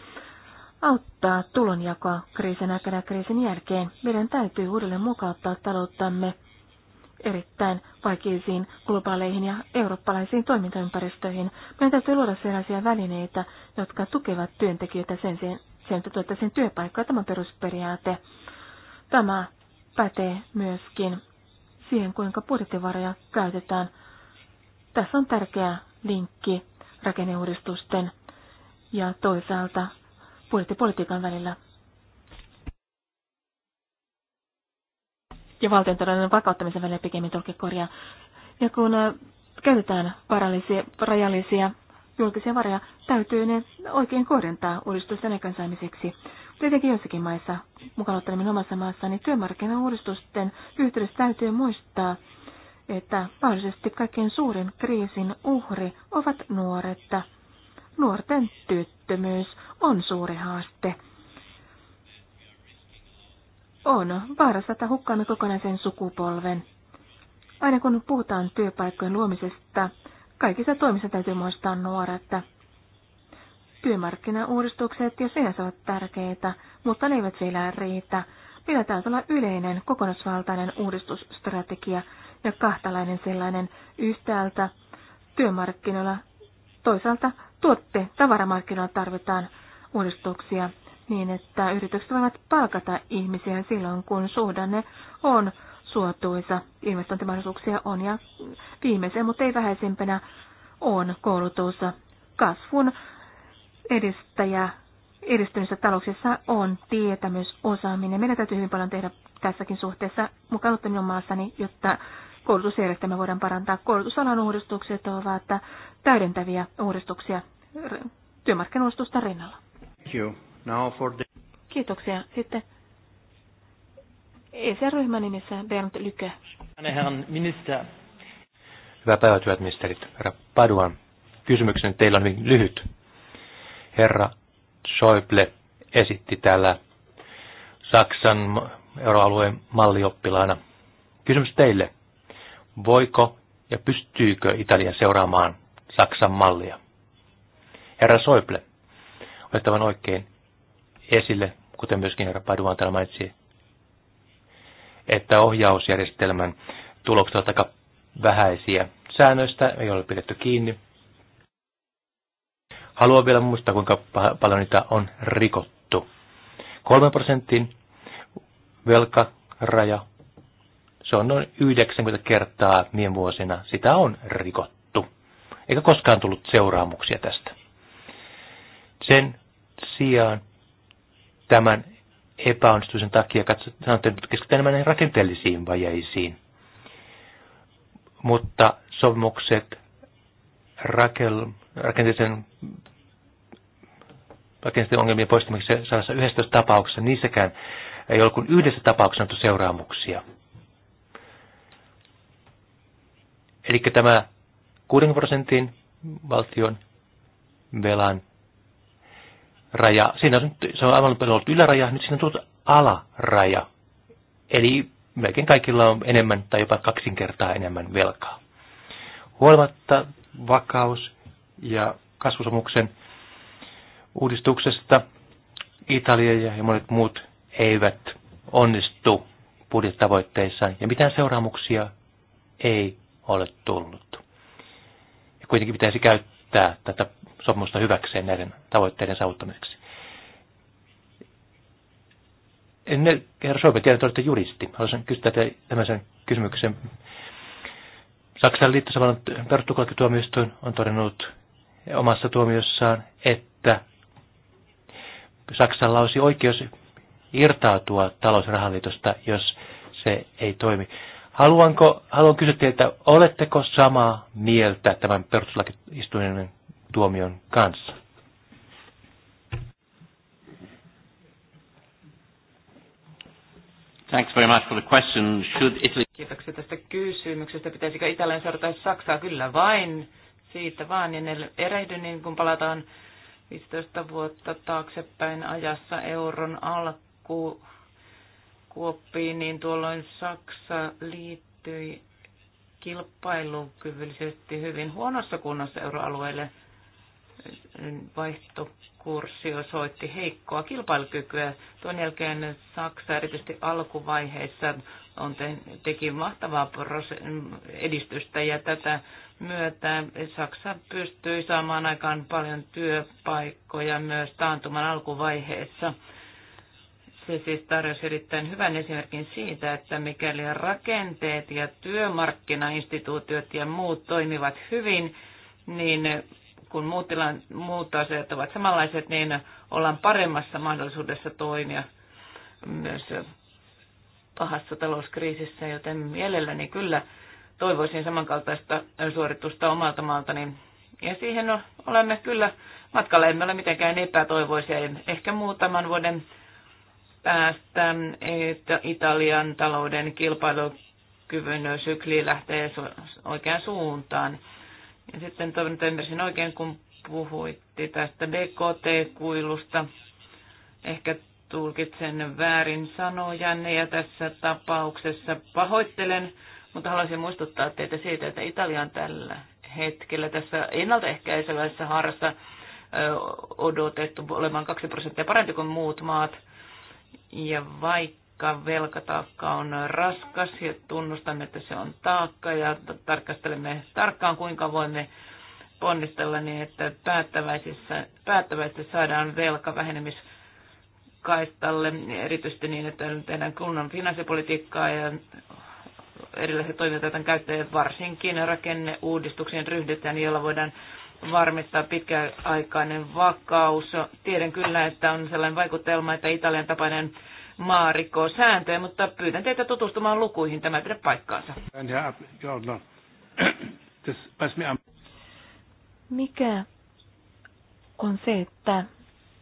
auttaa tulonjakoa kriisin aikana ja kriisin jälkeen. Meidän täytyy uudelleen mukauttaa talouttamme erittäin vaikeisiin globaaleihin ja eurooppalaisiin toimintaympäristöihin. Meidän täytyy luoda sellaisia välineitä, jotka tukevat työntekijöitä sen sen, sen, että työpaikkaa. Tämä perusperiaate. Tämä pätee myöskin siihen, kuinka budjettivaroja käytetään. Tässä on tärkeä linkki rakenneuudistusten ja toisaalta budjettipolitiikan välillä. Ja valtiontalouden vakauttamisen välillä pikemmin tulkikorjaa. Ja kun äh, käytetään varallisia, rajallisia julkisia varoja, täytyy ne oikein kohdentaa uudistusten aikaansaamiseksi. Tietenkin joissakin maissa, mukaan ottaen omassa maassani, työmarkkinauudistusten yhteydessä täytyy muistaa, että mahdollisesti kaikkein suurin kriisin uhri ovat nuoret. Nuorten työttömyys on suuri haaste. On vaarassa, että hukkaamme kokonaisen sukupolven. Aina kun puhutaan työpaikkojen luomisesta, kaikissa toimissa täytyy muistaa nuoret Työmarkkinauudistukset ja sen ovat tärkeitä, mutta ne eivät vielä riitä. Meillä täytyy olla yleinen kokonaisvaltainen uudistusstrategia ja kahtalainen sellainen yhtäältä työmarkkinoilla, toisaalta tuotte tavaramarkkinoilla tarvitaan uudistuksia niin, että yritykset voivat palkata ihmisiä silloin, kun suhdanne on suotuisa, investointimahdollisuuksia on ja viimeisen, mutta ei vähäisimpänä, on koulutus. Kasvun edistäjä edistyneissä talouksissa on tietämys, osaaminen. Meidän täytyy hyvin paljon tehdä tässäkin suhteessa mukaan ottaminen maassani, jotta koulutusjärjestelmä voidaan parantaa. Koulutusalan uudistukset ovat täydentäviä uudistuksia työmarkkinoistusta rinnalla. Kiitoksia. Sitten ESR-ryhmän nimissä Bernd Lykke. Hyvää päivää, hyvät ministerit. Herra Paduan, kysymyksen teillä on hyvin lyhyt herra Schäuble esitti täällä Saksan euroalueen mallioppilaana. Kysymys teille. Voiko ja pystyykö Italia seuraamaan Saksan mallia? Herra Soiple, vain oikein esille, kuten myöskin herra Paduan täällä mainitsi, että ohjausjärjestelmän tulokset ovat aika vähäisiä. Säännöistä ei ole pidetty kiinni. Haluan vielä muistaa, kuinka paljon niitä on rikottu. 3 prosentin velkaraja, se on noin 90 kertaa viime vuosina. Sitä on rikottu. Eikä koskaan tullut seuraamuksia tästä. Sen sijaan tämän epäonnistumisen takia katsotaan, että keskitytään enemmän rakenteellisiin vajeisiin. Mutta sopimukset Rakel, rakenteiden, rakenteiden ongelmien poistamiseksi 111 tapauksessa, niissäkään ei ole kuin yhdessä tapauksessa annettu seuraamuksia. Eli tämä 6 prosentin valtion velan raja, siinä on, se on aivan ollut yläraja, nyt siinä on tullut alaraja. Eli melkein kaikilla on enemmän tai jopa kaksinkertaa enemmän velkaa. Huolimatta vakaus- ja kasvusomuksen uudistuksesta Italia ja monet muut eivät onnistu budjettavoitteissaan ja mitään seuraamuksia ei ole tullut. Ja kuitenkin pitäisi käyttää tätä sopimusta hyväkseen näiden tavoitteiden saavuttamiseksi. Ennen herra Soipe, tiedän, että olette juristi. Haluaisin kysyä tämmöisen kysymyksen Saksan liittosavallan perustuslakituomioistuin on todennut omassa tuomiossaan, että Saksalla olisi oikeus irtautua talousrahaliitosta, jos se ei toimi. Haluanko, haluan kysyä teiltä, oletteko samaa mieltä tämän perustuslakistuinen tuomion kanssa? Thanks very much for the question. Should Italy... Kiitoksia tästä kysymyksestä. Pitäisikö Italian seurata Saksaa? Kyllä vain. Siitä vaan. Ja ne erehdy, niin kun palataan 15 vuotta taaksepäin ajassa euron alku kuoppiin, niin tuolloin Saksa liittyi kilpailukyvyllisesti hyvin huonossa kunnossa euroalueelle vaihto kurssi osoitti heikkoa kilpailukykyä. Tuon jälkeen Saksa erityisesti alkuvaiheessa on te, teki mahtavaa edistystä ja tätä myötä Saksa pystyi saamaan aikaan paljon työpaikkoja myös taantuman alkuvaiheessa. Se siis tarjosi erittäin hyvän esimerkin siitä, että mikäli rakenteet ja työmarkkinainstituutiot ja muut toimivat hyvin, niin kun muut, tilan, muut asiat ovat samanlaiset, niin ollaan paremmassa mahdollisuudessa toimia myös pahassa talouskriisissä, joten mielelläni kyllä toivoisin samankaltaista suoritusta omalta maaltani. Ja siihen no, olemme kyllä matkalla, emme ole mitenkään epätoivoisia. Ehkä muutaman vuoden päästä että Italian talouden kilpailukyvyn sykli lähtee oikeaan suuntaan. Ja sitten toivon, ymmärsin oikein, kun puhuitte tästä BKT-kuilusta. Ehkä tulkitsen väärin sanojanne ja tässä tapauksessa pahoittelen, mutta haluaisin muistuttaa teitä siitä, että Italia on tällä hetkellä tässä ennaltaehkäisevässä harrassa odotettu olemaan 2 prosenttia parempi kuin muut maat. Ja vaikka taakka, velkataakka on raskas ja tunnustamme, että se on taakka ja tarkastelemme tarkkaan, kuinka voimme ponnistella niin, että päättäväisesti saadaan velka vähenemiskaistalle, erityisesti niin, että tehdään kunnan finanssipolitiikkaa ja erilaisia toimintojen käyttäjät, varsinkin rakenneuudistuksien ryhdytään, jolla voidaan varmistaa pitkäaikainen vakaus. Tiedän kyllä, että on sellainen vaikutelma, että Italian tapainen maarikkoa sääntöjä, mutta pyydän teitä tutustumaan lukuihin, tämä ei pidä paikkaansa. Uh, [COUGHS] Mikä on se, että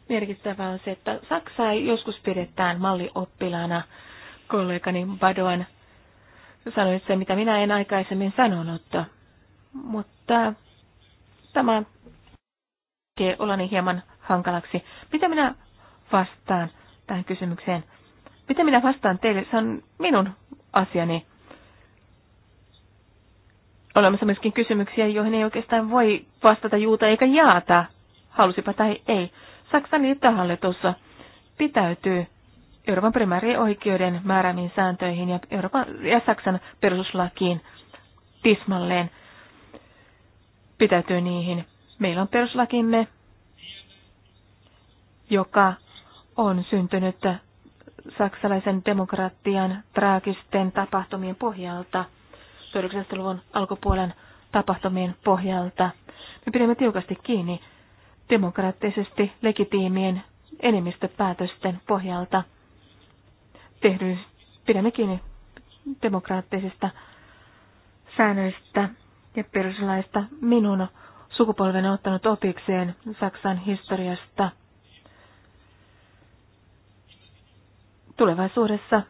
merkittävää on se, että Saksaa joskus pidetään mallioppilana Kollegani Badoan sanoi se, mitä minä en aikaisemmin sanonut, mutta tämä tekee olani hieman hankalaksi. Mitä minä vastaan tähän kysymykseen? Miten minä vastaan teille? Se on minun asiani. Olemassa myöskin kysymyksiä, joihin ei oikeastaan voi vastata juuta eikä jaata, halusipa tai ei. Saksan liittohallitus pitäytyy Euroopan primäärioikeuden määräämiin sääntöihin ja, Euroopan, ja Saksan perustuslakiin tismalleen pitäytyy niihin. Meillä on peruslakimme, joka on syntynyt saksalaisen demokratian traagisten tapahtumien pohjalta, 90-luvun alkupuolen tapahtumien pohjalta. Me pidämme tiukasti kiinni demokraattisesti legitiimien enemmistöpäätösten pohjalta tehdy, pidämme kiinni demokraattisista säännöistä ja peruslaista minun sukupolven on ottanut opikseen Saksan historiasta – Tulevaisuudessa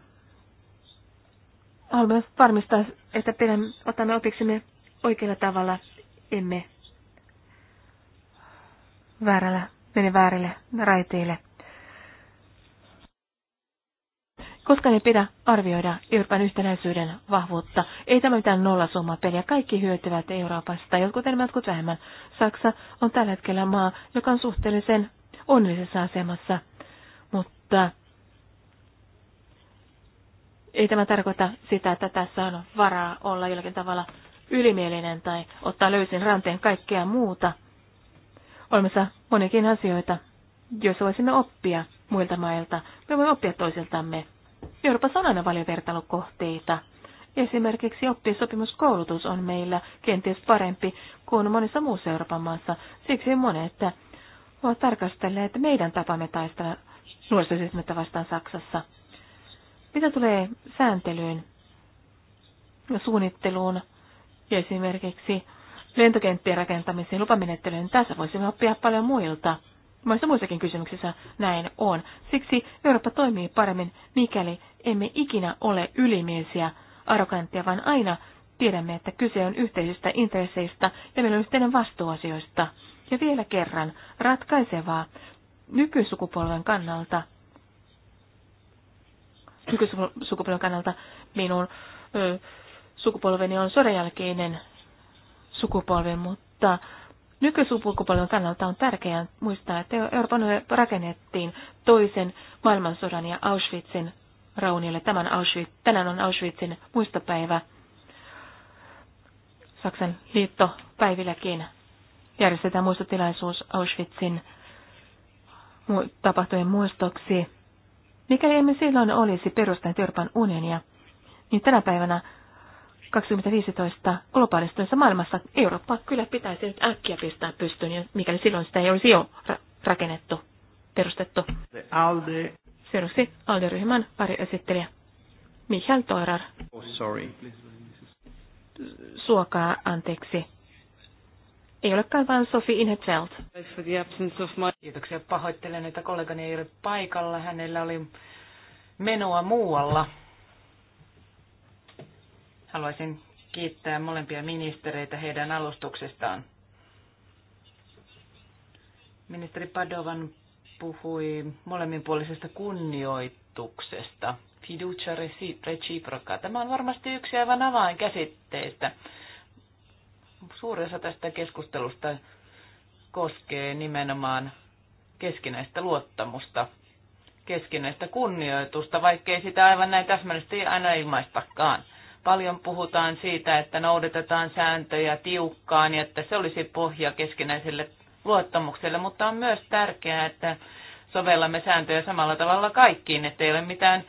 haluamme varmistaa, että pidän, otamme opiksemme oikealla tavalla, emme väärällä, mene väärille raiteille. Koska ne pidä arvioida Euroopan yhtenäisyyden vahvuutta. Ei tämä mitään nollasumma peliä. Kaikki hyötyvät Euroopasta, jotkut enemmän, jotkut vähemmän. Saksa on tällä hetkellä maa, joka on suhteellisen onnellisessa asemassa, mutta ei tämä tarkoita sitä, että tässä on varaa olla jollakin tavalla ylimielinen tai ottaa löysin ranteen kaikkea muuta. Olemassa monikin asioita, joissa voisimme oppia muilta mailta. Me voimme oppia toisiltamme. Euroopassa on aina paljon vertailukohteita. Esimerkiksi oppisopimuskoulutus on meillä kenties parempi kuin monissa muussa Euroopan maassa. Siksi monet ovat tarkastelleet meidän tapamme taistella nuorisotyöttömyyttä vastaan Saksassa. Mitä tulee sääntelyyn ja suunnitteluun ja esimerkiksi lentokenttien rakentamiseen lupamenettelyyn, tässä voisimme oppia paljon muilta. Monissa muissakin kysymyksissä näin on. Siksi Eurooppa toimii paremmin, mikäli emme ikinä ole ylimielisiä, arrogantteja, vaan aina tiedämme, että kyse on yhteisistä intresseistä ja meillä on yhteinen vastuuasioista. Ja vielä kerran, ratkaisevaa nykysukupolven kannalta – nykysukupolven kannalta minun ö, sukupolveni on sodanjälkeinen sukupolvi, mutta nykysukupolven kannalta on tärkeää muistaa, että Euroopan rakennettiin toisen maailmansodan ja Auschwitzin rauniolle. Tämän Auschwitz, tänään on Auschwitzin muistopäivä. Saksan liittopäivilläkin järjestetään muistotilaisuus Auschwitzin tapahtumien muistoksi. Mikäli emme silloin olisi perustaneet Euroopan unionia, niin tänä päivänä 2015 globaalistuessa maailmassa Eurooppa kyllä pitäisi nyt äkkiä pistää pystyyn, ja mikäli silloin sitä ei olisi jo ra- rakennettu, perustettu. ALDE. Seuraavaksi ALDE-ryhmän pari esittelijä. Michael Toirar. Oh, sorry. Suokaa anteeksi. Ei olekaan vain Sofi Inhetfeld. Kiitoksia. Pahoittelen, että kollegani ei ole paikalla. Hänellä oli menoa muualla. Haluaisin kiittää molempia ministereitä heidän alustuksestaan. Ministeri Padovan puhui molemminpuolisesta kunnioituksesta, fiducia reciproca. Tämä on varmasti yksi aivan avainkäsitteistä. käsitteistä Suurin osa tästä keskustelusta koskee nimenomaan keskinäistä luottamusta, keskinäistä kunnioitusta, vaikkei sitä aivan näin täsmällisesti aina ilmaistakaan. Paljon puhutaan siitä, että noudatetaan sääntöjä tiukkaan ja että se olisi pohja keskinäiselle luottamukselle, mutta on myös tärkeää, että sovellamme sääntöjä samalla tavalla kaikkiin, ettei ole mitään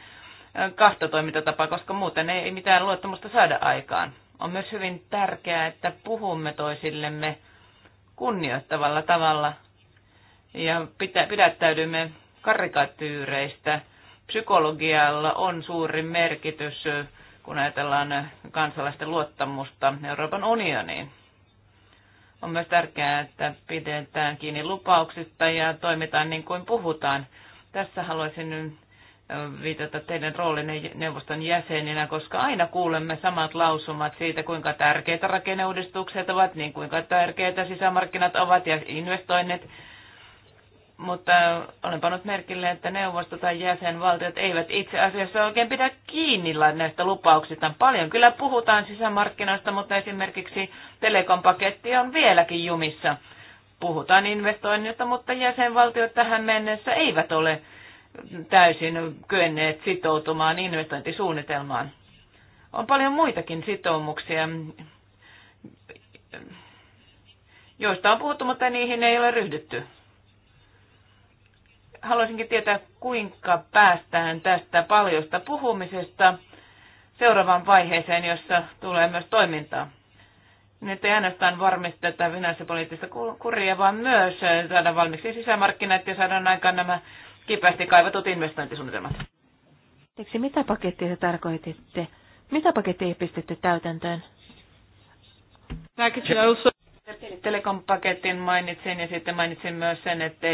kahta toimintatapaa, koska muuten ei mitään luottamusta saada aikaan. On myös hyvin tärkeää, että puhumme toisillemme kunnioittavalla tavalla ja pitä, pidättäydymme karikatyyreistä. Psykologialla on suuri merkitys, kun ajatellaan kansalaisten luottamusta Euroopan unioniin. On myös tärkeää, että pidetään kiinni lupauksista ja toimitaan niin kuin puhutaan. Tässä haluaisin nyt viitata teidän roolinne neuvoston jäseninä, koska aina kuulemme samat lausumat siitä, kuinka tärkeitä rakenneuudistukset ovat, niin kuinka tärkeitä sisämarkkinat ovat ja investoinnit. Mutta olen pannut merkille, että neuvosto tai jäsenvaltiot eivät itse asiassa oikein pidä kiinni näistä lupauksista. Paljon kyllä puhutaan sisämarkkinoista, mutta esimerkiksi telekompaketti on vieläkin jumissa. Puhutaan investoinnista, mutta jäsenvaltiot tähän mennessä eivät ole täysin kyenneet sitoutumaan investointisuunnitelmaan. On paljon muitakin sitoumuksia, joista on puhuttu, mutta niihin ei ole ryhdytty. Haluaisinkin tietää, kuinka päästään tästä paljosta puhumisesta seuraavaan vaiheeseen, jossa tulee myös toimintaa. Nyt ei ainoastaan varmisteta finanssipoliittista kuria, vaan myös saada valmiiksi sisämarkkinat ja saadaan aikaan nämä kipeästi kaivatut investointisuunnitelmat. Teksi, mitä pakettia te tarkoititte? Mitä pakettia ei pistetty täytäntöön? Telekom-paketin mainitsin ja sitten mainitsin myös sen, että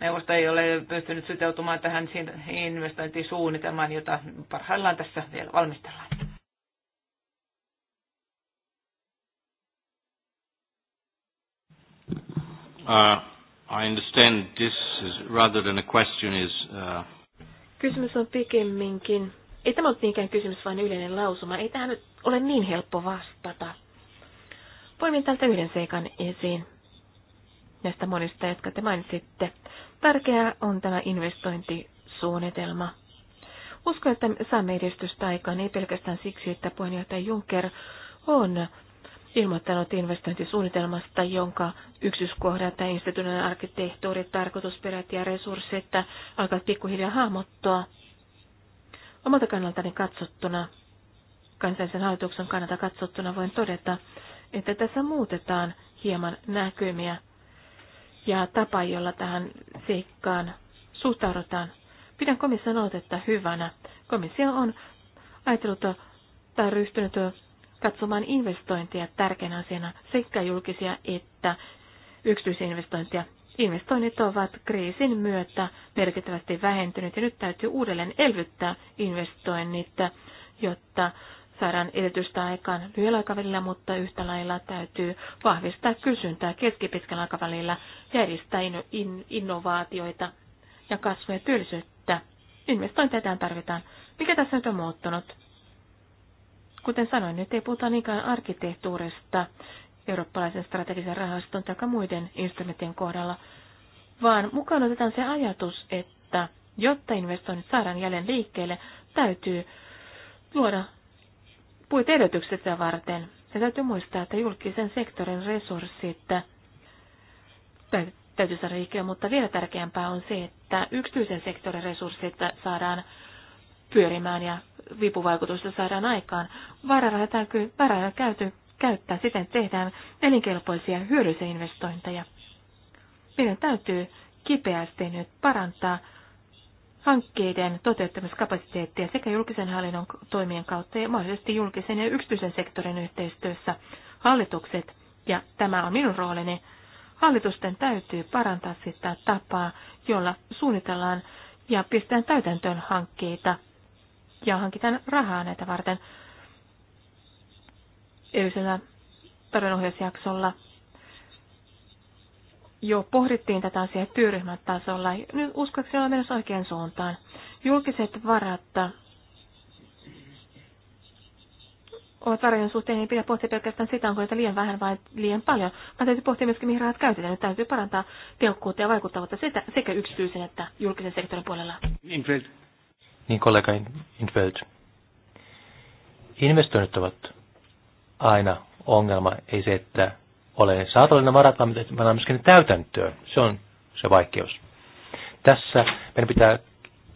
neuvosto ei ole pystynyt sitoutumaan tähän investointisuunnitelmaan, jota parhaillaan tässä vielä valmistellaan. Uh, I understand this is rather than a question is... Uh... Kysymys on pikemminkin, ei tämä ole niinkään kysymys, vaan yleinen lausuma. Ei tähän nyt ole niin helppo vastata. Poimin täältä yhden seikan esiin näistä monista, jotka te mainitsitte. Tärkeää on tämä investointisuunnitelma. Uskon, että saamme edistystä aikaan ei pelkästään siksi, että puheenjohtaja Juncker on ilmoittanut investointisuunnitelmasta, jonka yksityiskohdat ja instituutioiden arkkitehtuurit, tarkoitusperät ja resurssit alkavat pikkuhiljaa hahmottua. Omalta kannaltani katsottuna, kansallisen hallituksen kannalta katsottuna voin todeta, että tässä muutetaan hieman näkymiä ja tapa, jolla tähän seikkaan suhtaudutaan. Pidän komission otetta hyvänä. Komissio on ajatellut tai ryhtynyt katsomaan investointeja tärkeänä asiana sekä julkisia että yksityisinvestointeja. Investoinnit ovat kriisin myötä merkittävästi vähentyneet ja nyt täytyy uudelleen elvyttää investoinnit, jotta saadaan edetystä aikaan lyhyellä aikavälillä, mutta yhtä lailla täytyy vahvistaa kysyntää keskipitkällä aikavälillä ja edistää innovaatioita ja kasvua ja työllisyyttä. Investointeja tarvitaan. Mikä tässä nyt on muuttunut? Kuten sanoin, nyt ei puhuta niinkään arkkitehtuurista eurooppalaisen strategisen rahaston tai muiden instrumenttien kohdalla, vaan mukaan otetaan se ajatus, että jotta investoinnit saadaan jälleen liikkeelle, täytyy luoda puiteedotukset sitä varten. Ja täytyy muistaa, että julkisen sektorin resurssit täytyy saada liikkeelle, mutta vielä tärkeämpää on se, että yksityisen sektorin resurssit saadaan pyörimään ja vipuvaikutusta saadaan aikaan. Vararaha täytyy käyty, käyttää siten, tehdään elinkelpoisia hyödyllisiä investointeja. Meidän täytyy kipeästi nyt parantaa hankkeiden toteuttamiskapasiteettia sekä julkisen hallinnon toimien kautta ja mahdollisesti julkisen ja yksityisen sektorin yhteistyössä hallitukset, ja tämä on minun roolini, hallitusten täytyy parantaa sitä tapaa, jolla suunnitellaan ja pistetään täytäntöön hankkeita ja hankitaan rahaa näitä varten. Edellisellä tarvenohjausjaksolla jo pohdittiin tätä asiaa työryhmän tasolla. Nyt uskoakseni ollaan menossa oikeaan suuntaan. Julkiset varat ovat varojen suhteen, niin pidä pohtia pelkästään sitä, onko niitä liian vähän vai liian paljon, vaan täytyy pohtia myöskin, mihin rahat käytetään. Nyt täytyy parantaa tehokkuutta ja vaikuttavuutta sekä yksityisen että julkisen sektorin puolella. Ingrid niin kollega Infeld. Investoinnit ovat aina ongelma, ei se, että olen saatavilla varat, vaan että myöskin täytäntöön. Se on se vaikeus. Tässä meidän pitää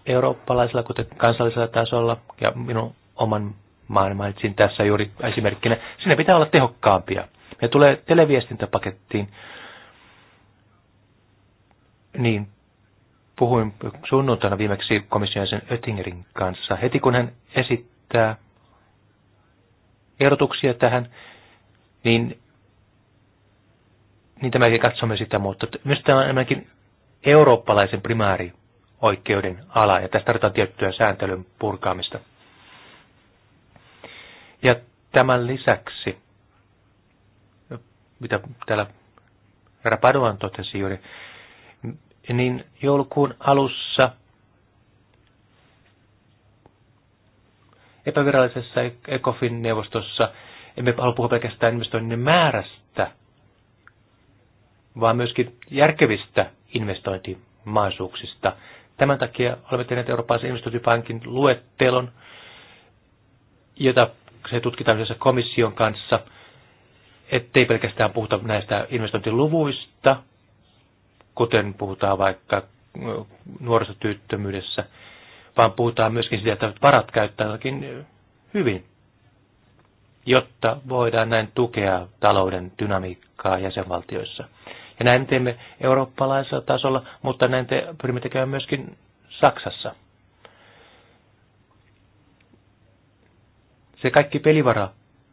eurooppalaisella, kuten kansallisella tasolla, ja minun oman maan mainitsin tässä juuri esimerkkinä, sinne pitää olla tehokkaampia. Me tulee televiestintäpakettiin, niin puhuin sunnuntaina viimeksi komission jäsen Oettingerin kanssa. Heti kun hän esittää ehdotuksia tähän, niin, niin tämäkin katsomme sitä, mutta myös tämä on enemmänkin eurooppalaisen primäärioikeuden ala, ja tästä tarvitaan tiettyä sääntelyn purkaamista. Ja tämän lisäksi, mitä täällä herra totesi juuri, niin joulukuun alussa epävirallisessa ECOFIN-neuvostossa emme halua puhua pelkästään investoinnin määrästä, vaan myöskin järkevistä investointimahdollisuuksista. Tämän takia olemme tehneet Euroopan investointipankin luettelon, jota se tutkitaan yhdessä komission kanssa, ettei pelkästään puhuta näistä investointiluvuista, kuten puhutaan vaikka nuorisotyyttömyydessä, vaan puhutaan myöskin siitä, että varat käyttää jotakin hyvin, jotta voidaan näin tukea talouden dynamiikkaa jäsenvaltioissa. Ja näin teemme eurooppalaisella tasolla, mutta näin te pyrimme tekemään myöskin Saksassa. Se kaikki pelivara,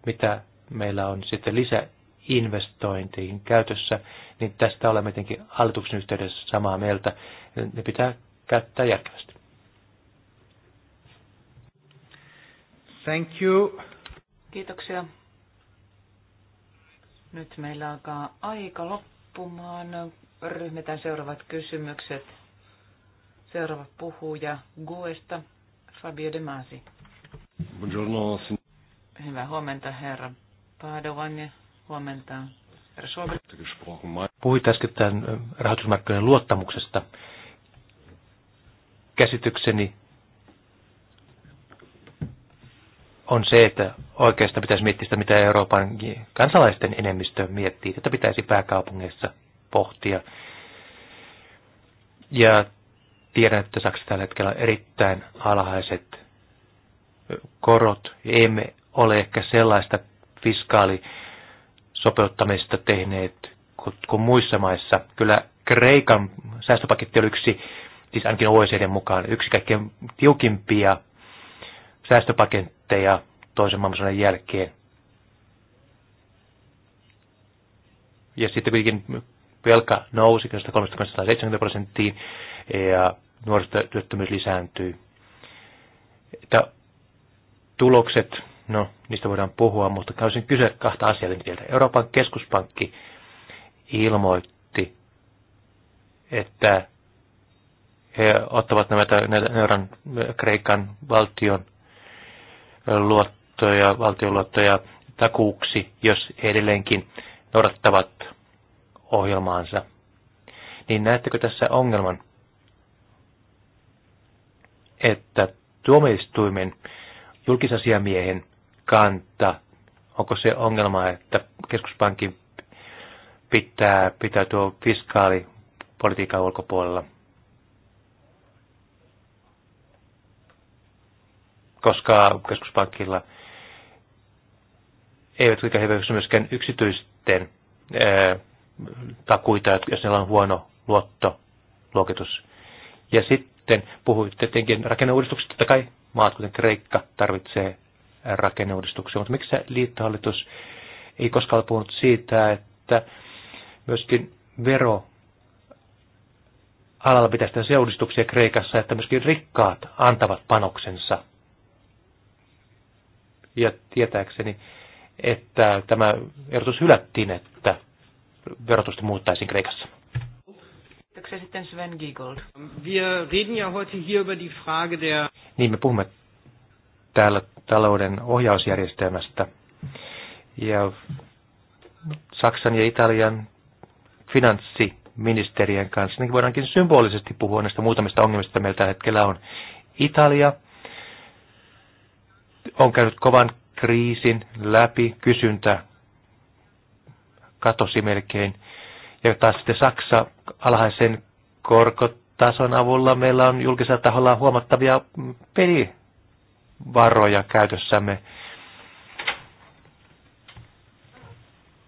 mitä meillä on sitten lisä investointiin käytössä, niin tästä olemme tietenkin hallituksen yhteydessä samaa mieltä. Ne pitää käyttää järkevästi. Thank you. Kiitoksia. Nyt meillä alkaa aika loppumaan. Ryhmitään seuraavat kysymykset. Seuraava puhuja Guesta, Fabio De Masi. Buongiorno. Hyvää huomenta, herra Padovan Huomenta. Puhuit tämän rahoitusmarkkinoiden luottamuksesta. Käsitykseni on se, että oikeastaan pitäisi miettiä sitä, mitä Euroopan kansalaisten enemmistö miettii. Tätä pitäisi pääkaupungeissa pohtia. Ja tiedän, että Saksassa tällä hetkellä on erittäin alhaiset korot. Emme ole ehkä sellaista fiskaali sopeuttamista tehneet kuin muissa maissa. Kyllä Kreikan säästöpaketti oli yksi, siis ainakin OECD mukaan, yksi kaikkein tiukimpia säästöpaketteja toisen maailmansodan jälkeen. Ja sitten kuitenkin velka nousi 30-70 prosenttiin ja nuorisotyöttömyys lisääntyy. Että tulokset no niistä voidaan puhua, mutta haluaisin kysyä kahta asiaa vielä. Euroopan keskuspankki ilmoitti, että he ottavat nämä näitä euron, Kreikan valtion luottoja, luottoja takuuksi, jos he edelleenkin noudattavat ohjelmaansa. Niin näettekö tässä ongelman, että tuomioistuimen julkisasiamiehen kanta, onko se ongelma, että keskuspankin pitää, pitää tuo fiskaalipolitiikan ulkopuolella? Koska keskuspankilla ole kuitenkaan hyväksy myöskään yksityisten ää, takuita, jos niillä on huono luottoluokitus. Ja sitten puhuitte tietenkin rakenneuudistuksista, totta kai maat, kuten Kreikka, tarvitsee rakenneuudistuksia, mutta miksi se liittohallitus ei koskaan ole puhunut siitä, että myöskin vero alalla pitäisi tehdä uudistuksia Kreikassa, että myöskin rikkaat antavat panoksensa. Ja tietääkseni, että tämä erotus hylättiin, että verotusta muuttaisiin Kreikassa. Kiitoksia sitten Sven Giegold. Wir reden ja heute hier über die Frage der... Niin, me puhumme täällä talouden ohjausjärjestelmästä. Ja Saksan ja Italian finanssiministerien kanssa. Niin voidaankin symbolisesti puhua näistä muutamista ongelmista, mitä meillä tällä hetkellä on. Italia on käynyt kovan kriisin läpi, kysyntä katosi melkein. Ja taas sitten Saksa alhaisen korkotason avulla meillä on julkisella taholla huomattavia peli varoja käytössämme.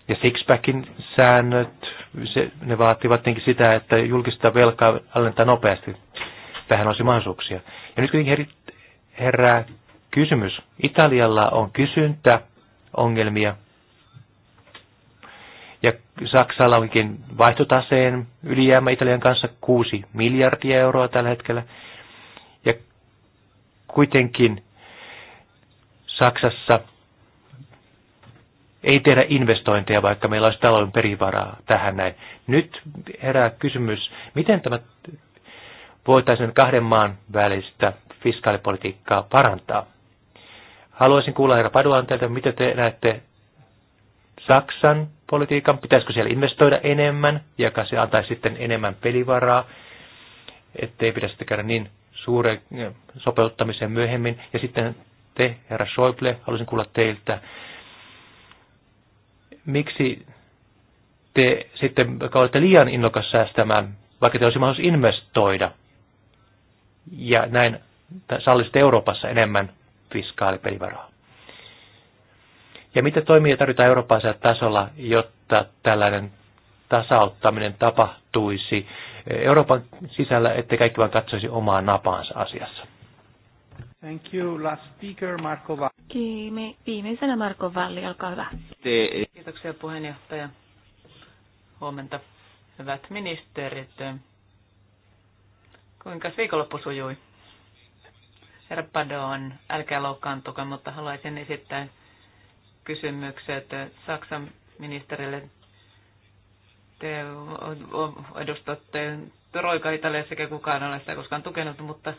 Ja Sixpackin säännöt, se, ne vaativat tietenkin sitä, että julkista velkaa alentaa nopeasti. Tähän olisi mahdollisuuksia. Ja nyt kuitenkin herää kysymys. Italialla on ongelmia Ja Saksalla onkin vaihtotaseen ylijäämä Italian kanssa 6 miljardia euroa tällä hetkellä. Ja kuitenkin Saksassa ei tehdä investointeja, vaikka meillä olisi talouden perivaraa tähän näin. Nyt herää kysymys, miten tämä voitaisiin kahden maan välistä fiskaalipolitiikkaa parantaa. Haluaisin kuulla herra Paduan teiltä, mitä te näette Saksan politiikan, pitäisikö siellä investoida enemmän, ja se antaisi sitten enemmän pelivaraa, ettei pidä sitä käydä niin suureen eh, sopeuttamiseen myöhemmin, ja sitten te, herra Schäuble, haluaisin kuulla teiltä, miksi te sitten olette liian innokas säästämään, vaikka te olisi mahdollisuus investoida ja näin sallisitte Euroopassa enemmän fiskaalipelivaraa. Ja mitä toimia tarvitaan eurooppalaisella tasolla, jotta tällainen tasauttaminen tapahtuisi Euroopan sisällä, ettei kaikki vain katsoisi omaa napaansa asiassa? Thank you. Last speaker, Marko Valli. viimeisenä Marko Valli, olkaa hyvä. Te... Kiitoksia puheenjohtaja. Huomenta, hyvät ministerit. Kuinka viikonloppu sujui? Herra Padon, älkää loukkaantuko, mutta haluaisin esittää kysymykset Saksan ministerille. Te edustatte Troika Italiassa, sekä kukaan ole sitä koskaan tukenut, mutta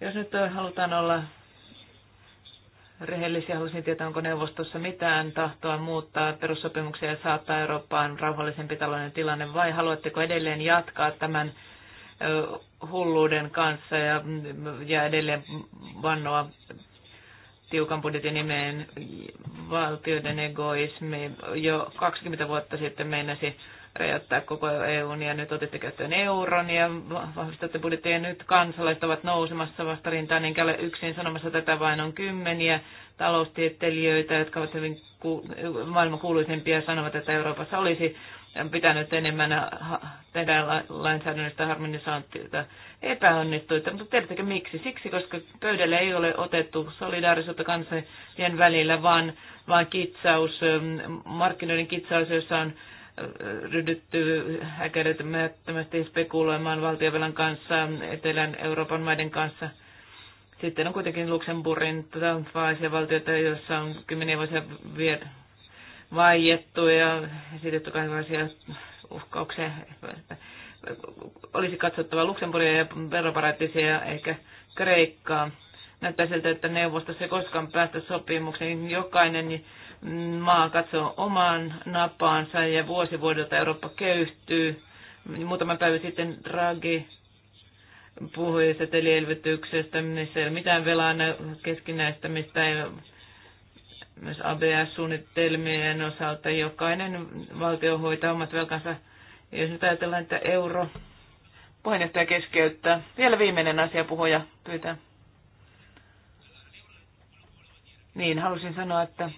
jos nyt halutaan olla rehellisiä, haluaisin tietää, onko neuvostossa mitään tahtoa muuttaa perussopimuksia ja saattaa Eurooppaan rauhallisempi talouden tilanne, vai haluatteko edelleen jatkaa tämän hulluuden kanssa ja, mm, ja edelleen vannoa tiukan budjetin nimeen valtioiden egoismi. Jo 20 vuotta sitten meinasi rajoittaa koko EUn ja nyt otitte käyttöön euron ja vahvistatte budjettia ja nyt kansalaiset ovat nousemassa vastarintaan, enkä ole yksin sanomassa tätä, vain on kymmeniä taloustieteilijöitä, jotka ovat hyvin maailman kuuluisimpia ja sanovat, että Euroopassa olisi pitänyt enemmän tehdä lainsäädännöstä harmonisaatiota epäonnistuita. Mutta tiedättekö miksi? Siksi, koska pöydälle ei ole otettu solidaarisuutta kansojen välillä, vaan, vaan kitsaus, mm, markkinoiden kitsaus, jossa on ryhdytty häkärätymättömästi spekuloimaan valtiovelan kanssa, Etelän Euroopan maiden kanssa. Sitten on kuitenkin Luxemburgin tapaisia valtioita, joissa on kymmeniä vuosia vielä vaiettu ja esitetty kaikenlaisia uhkauksia. Olisi katsottava Luxemburgia ja veroparatiisia eikä Kreikkaa. Näyttää siltä, että neuvostossa ei koskaan päästä sopimukseen. Jokainen maa katsoo omaan napaansa ja vuosi vuodelta Eurooppa köyhtyy. Muutama päivä sitten Draghi puhui setelielvytyksestä, missä ei ole mitään velan keskinäistämistä, ei myös ABS-suunnitelmien osalta jokainen valtio hoitaa omat velkansa. Jos nyt ajatellaan, että euro puheenjohtaja keskeyttää. Vielä viimeinen asia puhuja pyytää. Niin, halusin sanoa, että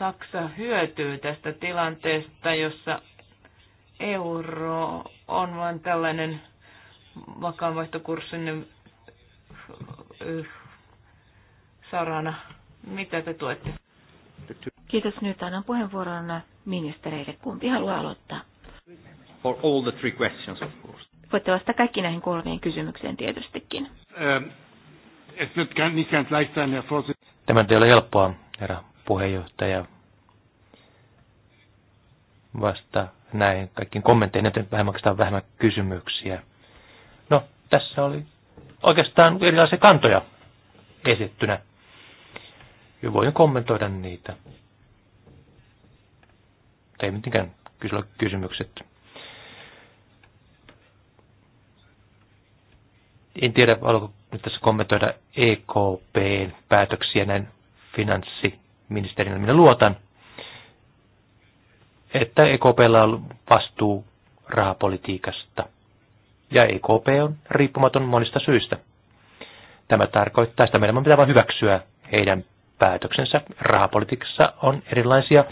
Saksa hyötyy tästä tilanteesta, jossa euro on vain tällainen vakaanvaihtokurssin sarana. Mitä te tuette? Kiitos. Nyt annan puheenvuoron ministereille. Kumpi haluaa aloittaa? For all the three questions, of course. Voitte vastata kaikki näihin kolmeen kysymykseen tietystikin. Ähm, Tämä ei ole helppoa, herra puheenjohtaja vasta näin kaikkiin kommentteihin, joten vähemmän vähemmän kysymyksiä. No, tässä oli oikeastaan erilaisia kantoja esittynä. Ja voin kommentoida niitä. Tai mitenkään kysyä kysymykset. En tiedä, haluanko nyt tässä kommentoida EKPn päätöksiä näin finanssi ministerinä minä luotan, että ekp on vastuu rahapolitiikasta. Ja EKP on riippumaton monista syistä. Tämä tarkoittaa, että meidän pitää vain hyväksyä heidän päätöksensä. Rahapolitiikassa on erilaisia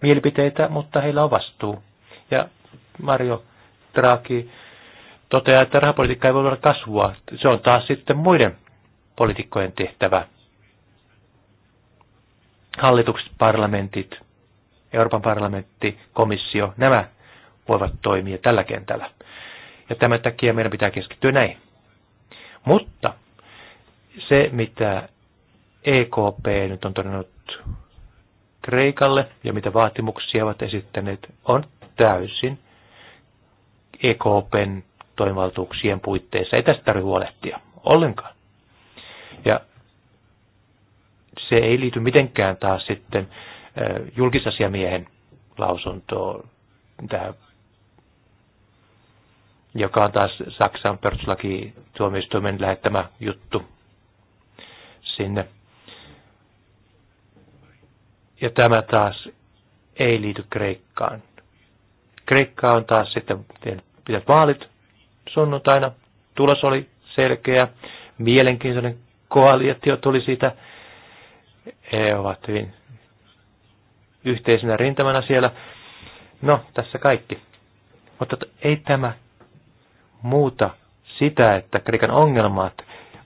mielipiteitä, mutta heillä on vastuu. Ja Mario Draghi toteaa, että rahapolitiikka ei voi olla kasvua. Se on taas sitten muiden poliitikkojen tehtävä hallitukset, parlamentit, Euroopan parlamentti, komissio, nämä voivat toimia tällä kentällä. Ja tämän takia meidän pitää keskittyä näin. Mutta se, mitä EKP nyt on todennut Kreikalle ja mitä vaatimuksia ovat esittäneet, on täysin EKPn toimivaltuuksien puitteissa. Ei tästä tarvitse huolehtia ollenkaan. Ja se ei liity mitenkään taas sitten julkisasiamiehen lausuntoon, tähän, joka on taas Saksan perustuslaki tuomioistuimen lähettämä juttu sinne. Ja tämä taas ei liity Kreikkaan. Kreikka on taas sitten pitänyt vaalit sunnuntaina. Tulos oli selkeä. Mielenkiintoinen koalitio tuli siitä he ovat hyvin yhteisenä rintamana siellä. No, tässä kaikki. Mutta ei tämä muuta sitä, että Kreikan ongelmat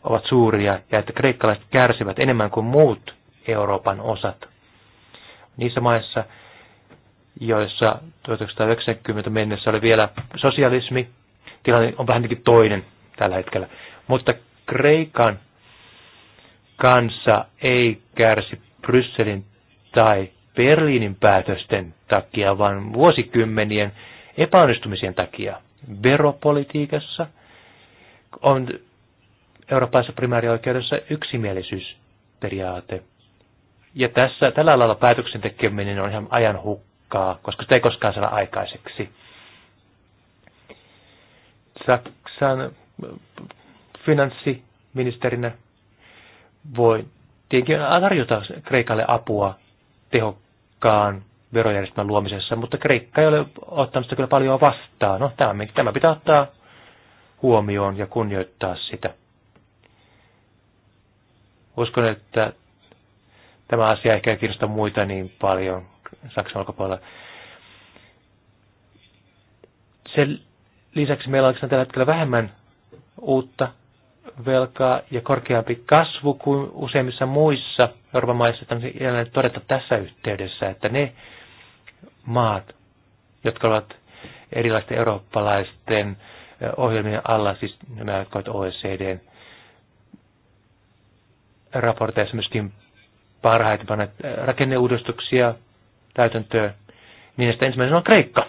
ovat suuria ja että kreikkalaiset kärsivät enemmän kuin muut Euroopan osat. Niissä maissa, joissa 1990 mennessä oli vielä sosialismi, tilanne on vähän toinen tällä hetkellä. Mutta Kreikan kansa ei kärsi Brysselin tai Berliinin päätösten takia, vaan vuosikymmenien epäonnistumisen takia. Veropolitiikassa on eurooppalaisessa primäärioikeudessa yksimielisyysperiaate. Ja tässä, tällä lailla päätöksen tekeminen on ihan ajan hukkaa, koska sitä ei koskaan saada aikaiseksi. Saksan finanssiministerinä voi tietenkin tarjota Kreikalle apua tehokkaan verojärjestelmän luomisessa, mutta Kreikka ei ole ottanut sitä kyllä paljon vastaan. No, tämä, tämä pitää ottaa huomioon ja kunnioittaa sitä. Uskon, että tämä asia ehkä ei kiinnosta muita niin paljon Saksan ulkopuolella. Sen lisäksi meillä on tällä hetkellä vähemmän uutta velkaa ja korkeampi kasvu kuin useimmissa muissa Euroopan maissa, jälleen todeta tässä yhteydessä, että ne maat, jotka ovat erilaisten eurooppalaisten ohjelmien alla, siis nämä, jotka ovat OECDn raporteissa myöskin parhaiten panneet rakenneuudistuksia täytäntöön, niin ensimmäisenä on Kreikka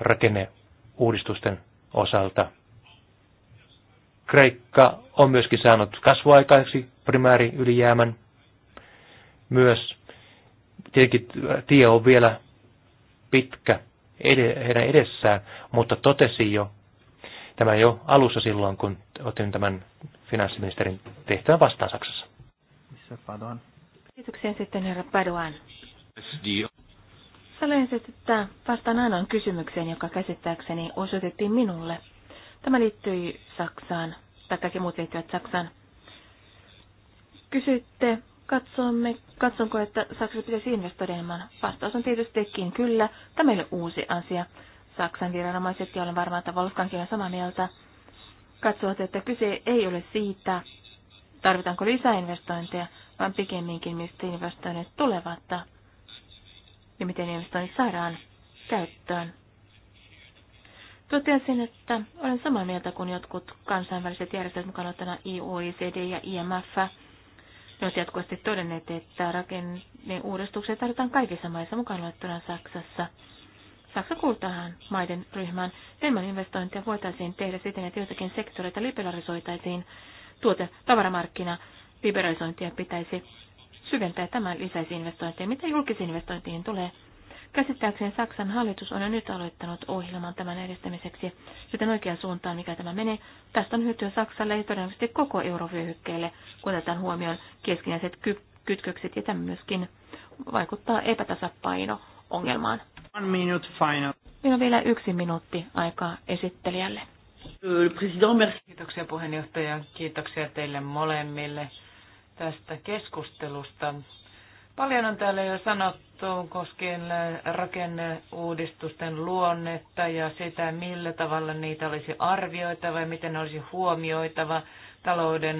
rakenneuudistusten osalta Kreikka on myöskin saanut kasvuaikaiseksi primääri ylijäämän myös. Tietenkin tie on vielä pitkä heidän edessään, mutta totesi jo tämä jo alussa silloin, kun otin tämän finanssiministerin tehtävän vastaan Saksassa. Kiitoksia sitten herra Paduan. Sanoisin, että vastaan ainoan kysymykseen, joka käsittääkseni osoitettiin minulle. Tämä liittyi Saksaan, tai kaikki muut liittyvät Saksaan. Kysytte, katsomme, katsonko, että Saksassa pitäisi investoida enemmän. Vastaus on tietystikin kyllä. Tämä ei ole uusi asia. Saksan viranomaiset, ja olen varma, että Wolfgangkin on samaa mieltä, katsovat, että kyse ei ole siitä, tarvitaanko lisäinvestointeja, vaan pikemminkin mistä investoinnit tulevat ja miten investoinnit saadaan käyttöön. Totesin, että olen samaa mieltä kuin jotkut kansainväliset järjestöt mukana tänä e IOICD e ja IMF. Ne ovat jatkuvasti todenneet, että rakenne uudistuksia tarvitaan kaikissa maissa mukaan luettuna Saksassa. Saksa kuuluu tähän maiden ryhmään. Enemmän investointia voitaisiin tehdä siten, että joitakin sektoreita liberalisoitaisiin. Tuote, tavaramarkkina, liberalisointia pitäisi syventää tämän lisäisi investointeja. Mitä julkisiin investointiin tulee? Käsittääkseni Saksan hallitus on jo nyt aloittanut ohjelman tämän edistämiseksi, joten oikeaan suuntaan, mikä tämä menee, tästä on hyötyä Saksalle ja todennäköisesti koko eurovyöhykkeelle, kun otetaan huomioon keskinäiset ky- kytkökset ja tämä myöskin vaikuttaa epätasapaino ongelmaan. One minute final. on vielä yksi minuutti aikaa esittelijälle. Euh, kiitoksia puheenjohtaja, kiitoksia teille molemmille tästä keskustelusta. Paljon on täällä jo sanottu tuon koskien äh, rakenneuudistusten luonnetta ja sitä, millä tavalla niitä olisi arvioitava ja miten ne olisi huomioitava talouden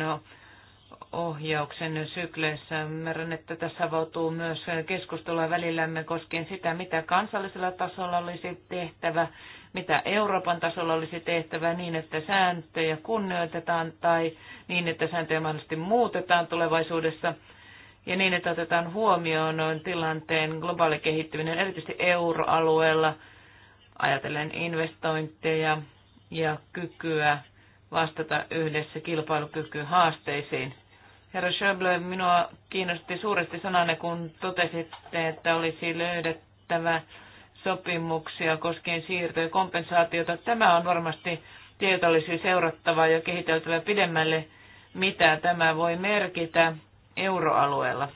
ohjauksen sykleissä. Ymmärrän, että tässä avautuu myös keskustelua välillämme koskien sitä, mitä kansallisella tasolla olisi tehtävä, mitä Euroopan tasolla olisi tehtävä niin, että sääntöjä kunnioitetaan tai niin, että sääntöjä mahdollisesti muutetaan tulevaisuudessa – ja niin, että otetaan huomioon tilanteen globaali kehittyminen, erityisesti euroalueella, ajatellen investointeja ja kykyä vastata yhdessä haasteisiin. Herra Schöble, minua kiinnosti suuresti sananne, kun totesitte, että olisi löydettävä sopimuksia koskien siirtoja ja kompensaatiota. Tämä on varmasti tieto olisi seurattava ja kehiteltävä pidemmälle, mitä tämä voi merkitä euroalueella.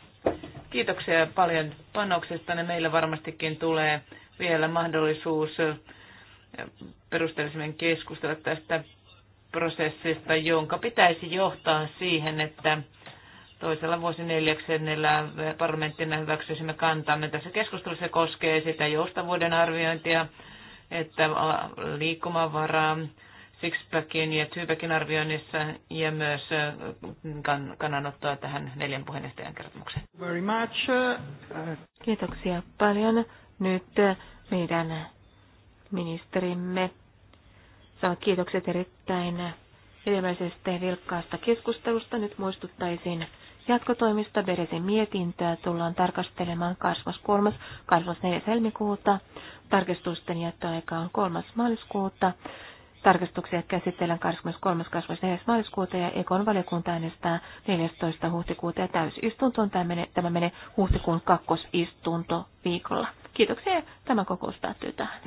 Kiitoksia paljon panoksesta. Meillä varmastikin tulee vielä mahdollisuus perusteellisemmin keskustella tästä prosessista, jonka pitäisi johtaa siihen, että toisella vuosineljäksennellä parlamenttina hyväksyisimme kantamme. Tässä keskustelussa koskee sitä joustavuuden arviointia, että liikkumavaraa Sixpackin ja Tyypäkin arvioinnissa ja myös kan- kannanottoa tähän neljän puheenjohtajan kertomukseen. Very much. Kiitoksia paljon. Nyt meidän ministerimme saa kiitokset erittäin ilmeisesti vilkkaasta keskustelusta. Nyt muistuttaisin jatkotoimista. Beresin mietintöä tullaan tarkastelemaan 23. 24. helmikuuta. Tarkistusten jättöaika on 3. maaliskuuta. Tarkastuksia käsitellään 23. kasvasta maaliskuuta ja Ekon valiokunta äänestää 14. huhtikuuta ja täysistuntoon tämä menee, tämä menee huhtikuun kakkosistunto viikolla. Kiitoksia ja tämä kokous päättyy tähän.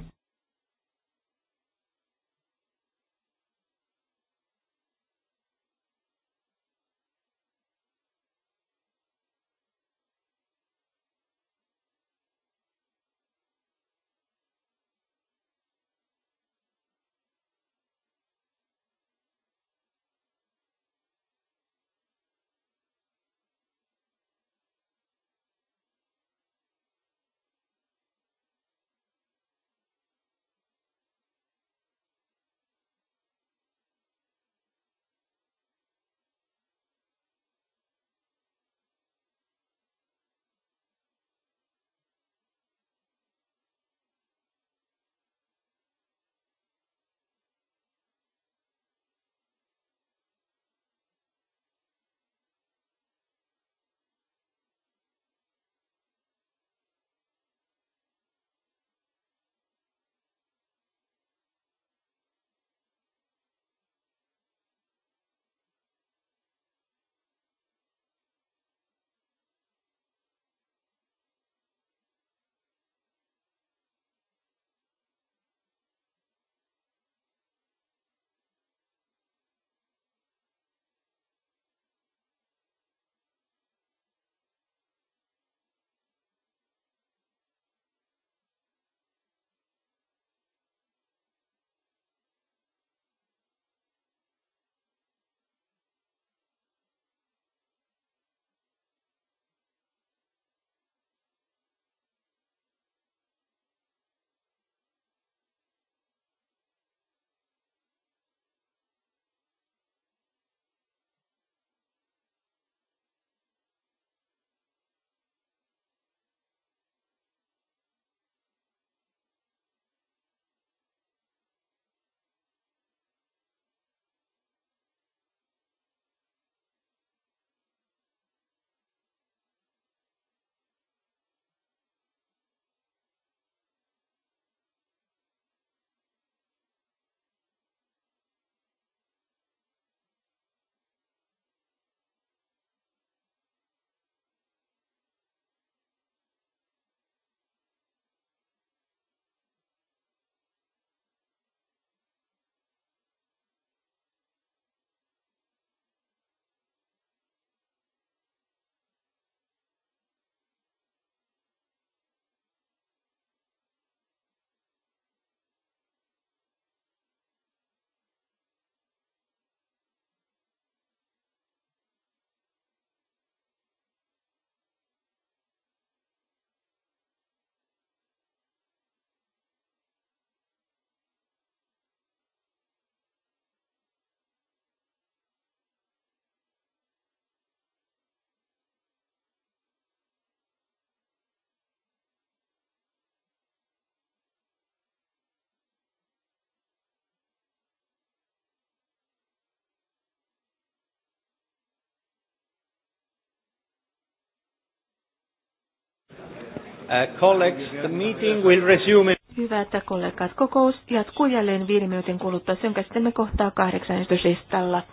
Uh, colleagues, the meeting will resume. Hyvät kollegat, kokous jatkuu jälleen viiden minuutin kuluttua. Sen käsittelemme kohtaa kahdeksan listalla.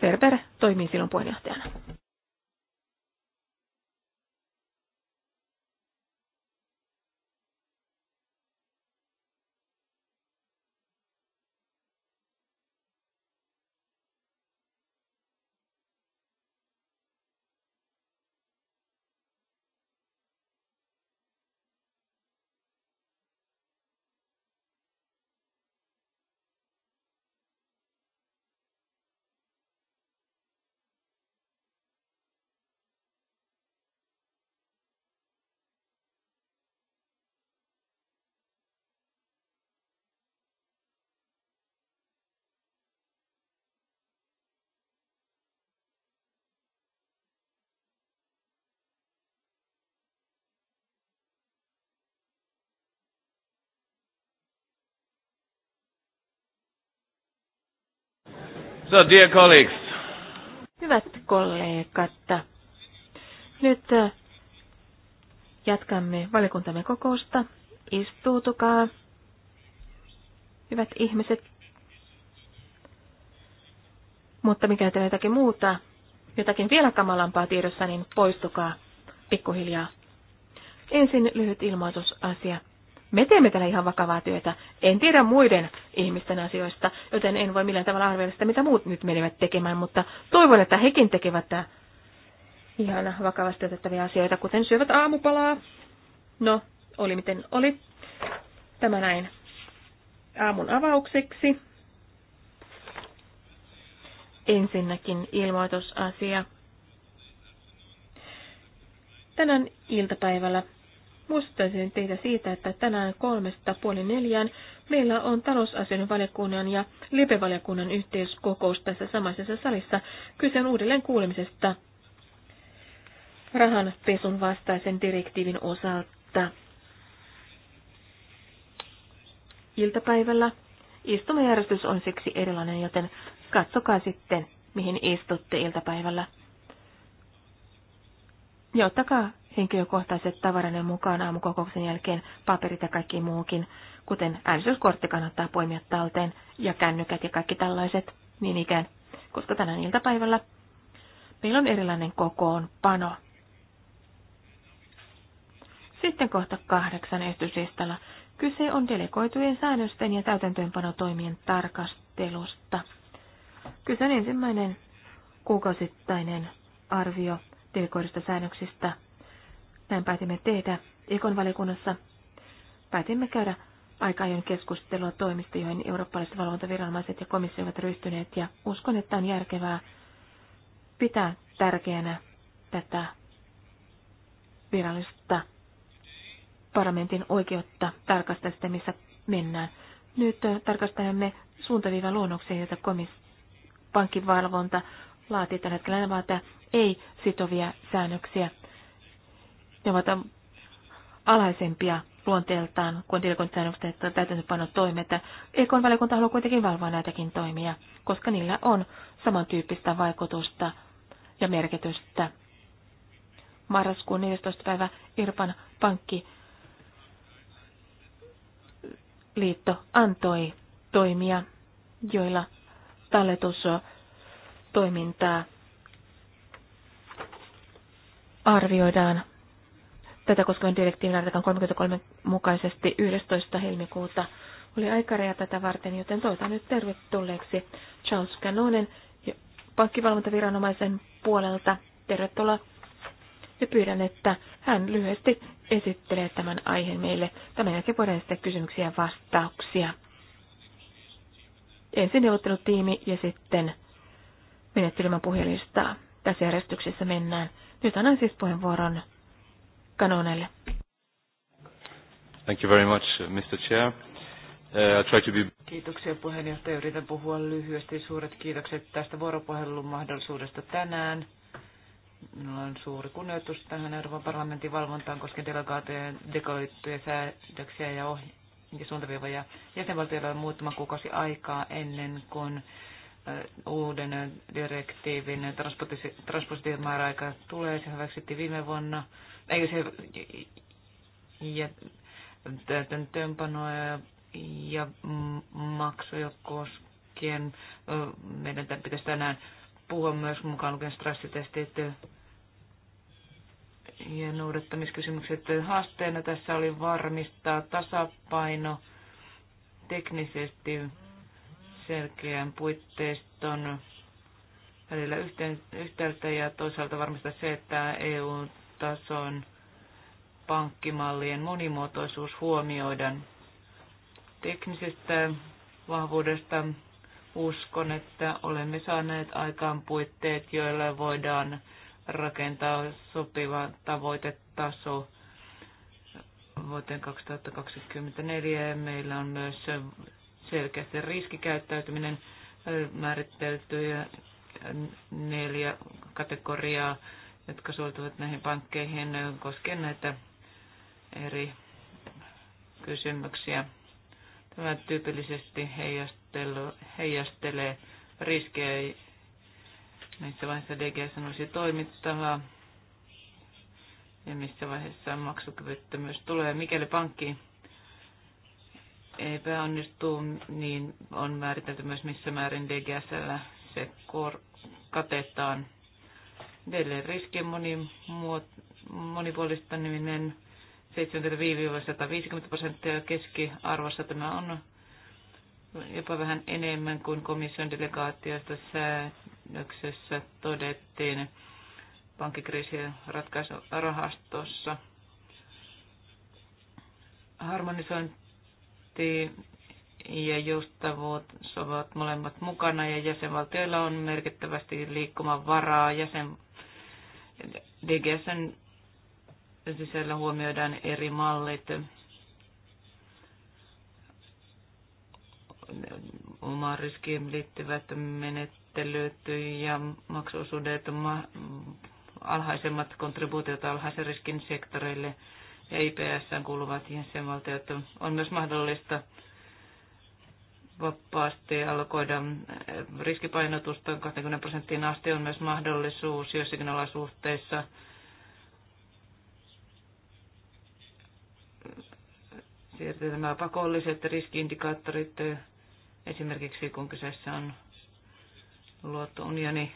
Ferber toimii silloin puheenjohtajana. So, dear colleagues. Hyvät kollegat, nyt äh, jatkamme valikuntamme kokousta. Istuutukaa, hyvät ihmiset. Mutta mikä teillä jotakin muuta, jotakin vielä kamalampaa tiedossa, niin poistukaa pikkuhiljaa. Ensin lyhyt ilmoitusasia. Me teemme täällä ihan vakavaa työtä. En tiedä muiden ihmisten asioista, joten en voi millään tavalla arvioida sitä, mitä muut nyt menevät tekemään, mutta toivon, että hekin tekevät ihan vakavasti otettavia asioita, kuten syövät aamupalaa. No, oli miten oli. Tämä näin aamun avaukseksi. Ensinnäkin ilmoitusasia. Tänään iltapäivällä Muistuttaisin teitä siitä, että tänään kolmesta puoli neljään meillä on talousasioiden valiokunnan ja lipevaliokunnan yhteiskokous tässä samaisessa salissa. Kyse on uudelleen kuulemisesta rahanpesun vastaisen direktiivin osalta. Iltapäivällä istumajärjestys on siksi erilainen, joten katsokaa sitten, mihin istutte iltapäivällä. Ja ottakaa henkilökohtaiset tavarainen mukaan aamukokouksen jälkeen, paperit ja kaikki muukin, kuten äänestyskortti kannattaa poimia talteen ja kännykät ja kaikki tällaiset, niin ikään, koska tänään iltapäivällä meillä on erilainen kokoonpano. Sitten kohta kahdeksan esityslistalla. Kyse on delegoitujen säännösten ja täytäntöönpanotoimien tarkastelusta. Kyse on ensimmäinen kuukausittainen arvio delegoidusta säännöksistä näin päätimme tehdä Ekon valiokunnassa. Päätimme käydä aika ajoin keskustelua toimista, joihin eurooppalaiset valvontaviranomaiset ja komissio ovat ryhtyneet, ja uskon, että on järkevää pitää tärkeänä tätä virallista parlamentin oikeutta tarkastaa sitä, missä mennään. Nyt tarkastelemme suuntaviivan luonnoksia, jota komis- pankkivalvonta laatii tällä hetkellä, vaan ei sitovia säännöksiä ne ovat alaisempia luonteeltaan kuin tilkuntsäännösten täytäntöpanotoimet. EKn valiokunta haluaa kuitenkin valvoa näitäkin toimia, koska niillä on samantyyppistä vaikutusta ja merkitystä. Marraskuun 14. päivä Irpan pankki liitto antoi toimia, joilla talletus toimintaa arvioidaan tätä koskevan direktiivin artikan 33 mukaisesti 11. helmikuuta oli aikareja tätä varten, joten toivotan nyt tervetulleeksi Charles Canonen pankkivalvontaviranomaisen puolelta. Tervetuloa ja pyydän, että hän lyhyesti esittelee tämän aiheen meille. Tämän jälkeen voidaan sitten kysymyksiä ja vastauksia. Ensin neuvottelutiimi ja sitten menettelymän puhelistaa. Tässä järjestyksessä mennään. Nyt annan siis puheenvuoron Kanonelle. Thank you very much, uh, Mr. Chair. Uh, try to be... Kiitoksia puheenjohtaja. Yritän puhua lyhyesti. Suuret kiitokset tästä vuoropuhelun mahdollisuudesta tänään. Minulla on suuri kunnioitus tähän Euroopan parlamentin valvontaan koskien delegaatojen dekoittuja säädöksiä ja, ohje- ja suuntaviivoja. Jäsenvaltioilla on muutama kuukausi aikaa ennen kuin uuden direktiivin transpositiomääräaika tulee. Se hyväksyttiin viime vuonna. Eikö se, ja täytäntöönpanoa ja, ja maksuja koskien. Meidän pitäisi tänään puhua myös mukaan lukien stressitestit ja noudattamiskysymykset. Haasteena tässä oli varmistaa tasapaino teknisesti selkeän puitteiston välillä yhteen, yhtäältä ja toisaalta varmistaa se, että EU tason pankkimallien monimuotoisuus huomioidaan. Teknisestä vahvuudesta uskon, että olemme saaneet aikaan puitteet, joilla voidaan rakentaa sopiva tavoitetaso vuoteen 2024. Meillä on myös selkeästi riskikäyttäytyminen määritteltyjä neljä kategoriaa jotka soituvat näihin pankkeihin koskien näitä eri kysymyksiä. Tämä tyypillisesti heijastelee riskejä, missä vaiheessa DG sanoisi toimittavaa ja missä vaiheessa maksukyvyttömyys tulee. Mikäli pankki pääonnistu, niin on määritelty myös missä määrin DGSllä se kor- katetaan – edelleen riskien monipuolistaminen 75 150 prosenttia keskiarvossa. Tämä on jopa vähän enemmän kuin komission delegaatiosta säännöksessä todettiin pankkikriisien ratkaisurahastossa. Harmonisointi ja joustavuus ovat molemmat mukana ja jäsenvaltioilla on merkittävästi liikkumavaraa jäsen DGSn sisällä huomioidaan eri mallit. Omaan riskiin liittyvät menettelyt ja maksuosuudet, alhaisemmat kontribuutiot alhaisen riskin sektoreille ja IPS kuuluvat jäsenvaltiot. On myös mahdollista vapaasti allokoida äh, riskipainotusta 20 prosenttiin asti on myös mahdollisuus joissakin olosuhteissa siirtyy nämä pakolliset riskiindikaattorit, esimerkiksi kun kyseessä on luottounioni,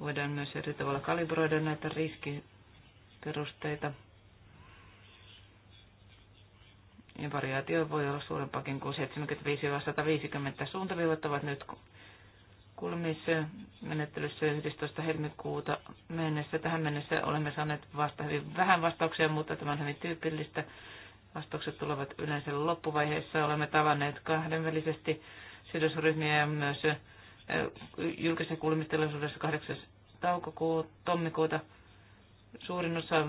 voidaan myös eri tavalla kalibroida näitä riskiperusteita. Ja variaatio voi olla suurempakin kuin 75-150. Suuntaviivat ovat nyt menettelyssä 11. helmikuuta mennessä. Tähän mennessä olemme saaneet vasta hyvin vähän vastauksia, mutta tämä on hyvin tyypillistä. Vastaukset tulevat yleensä loppuvaiheessa. Olemme tavanneet kahdenvälisesti sidosryhmiä ja myös julkisessa kuulemistilaisuudessa 8. Taukokuuta, tommikuuta. Suurin osa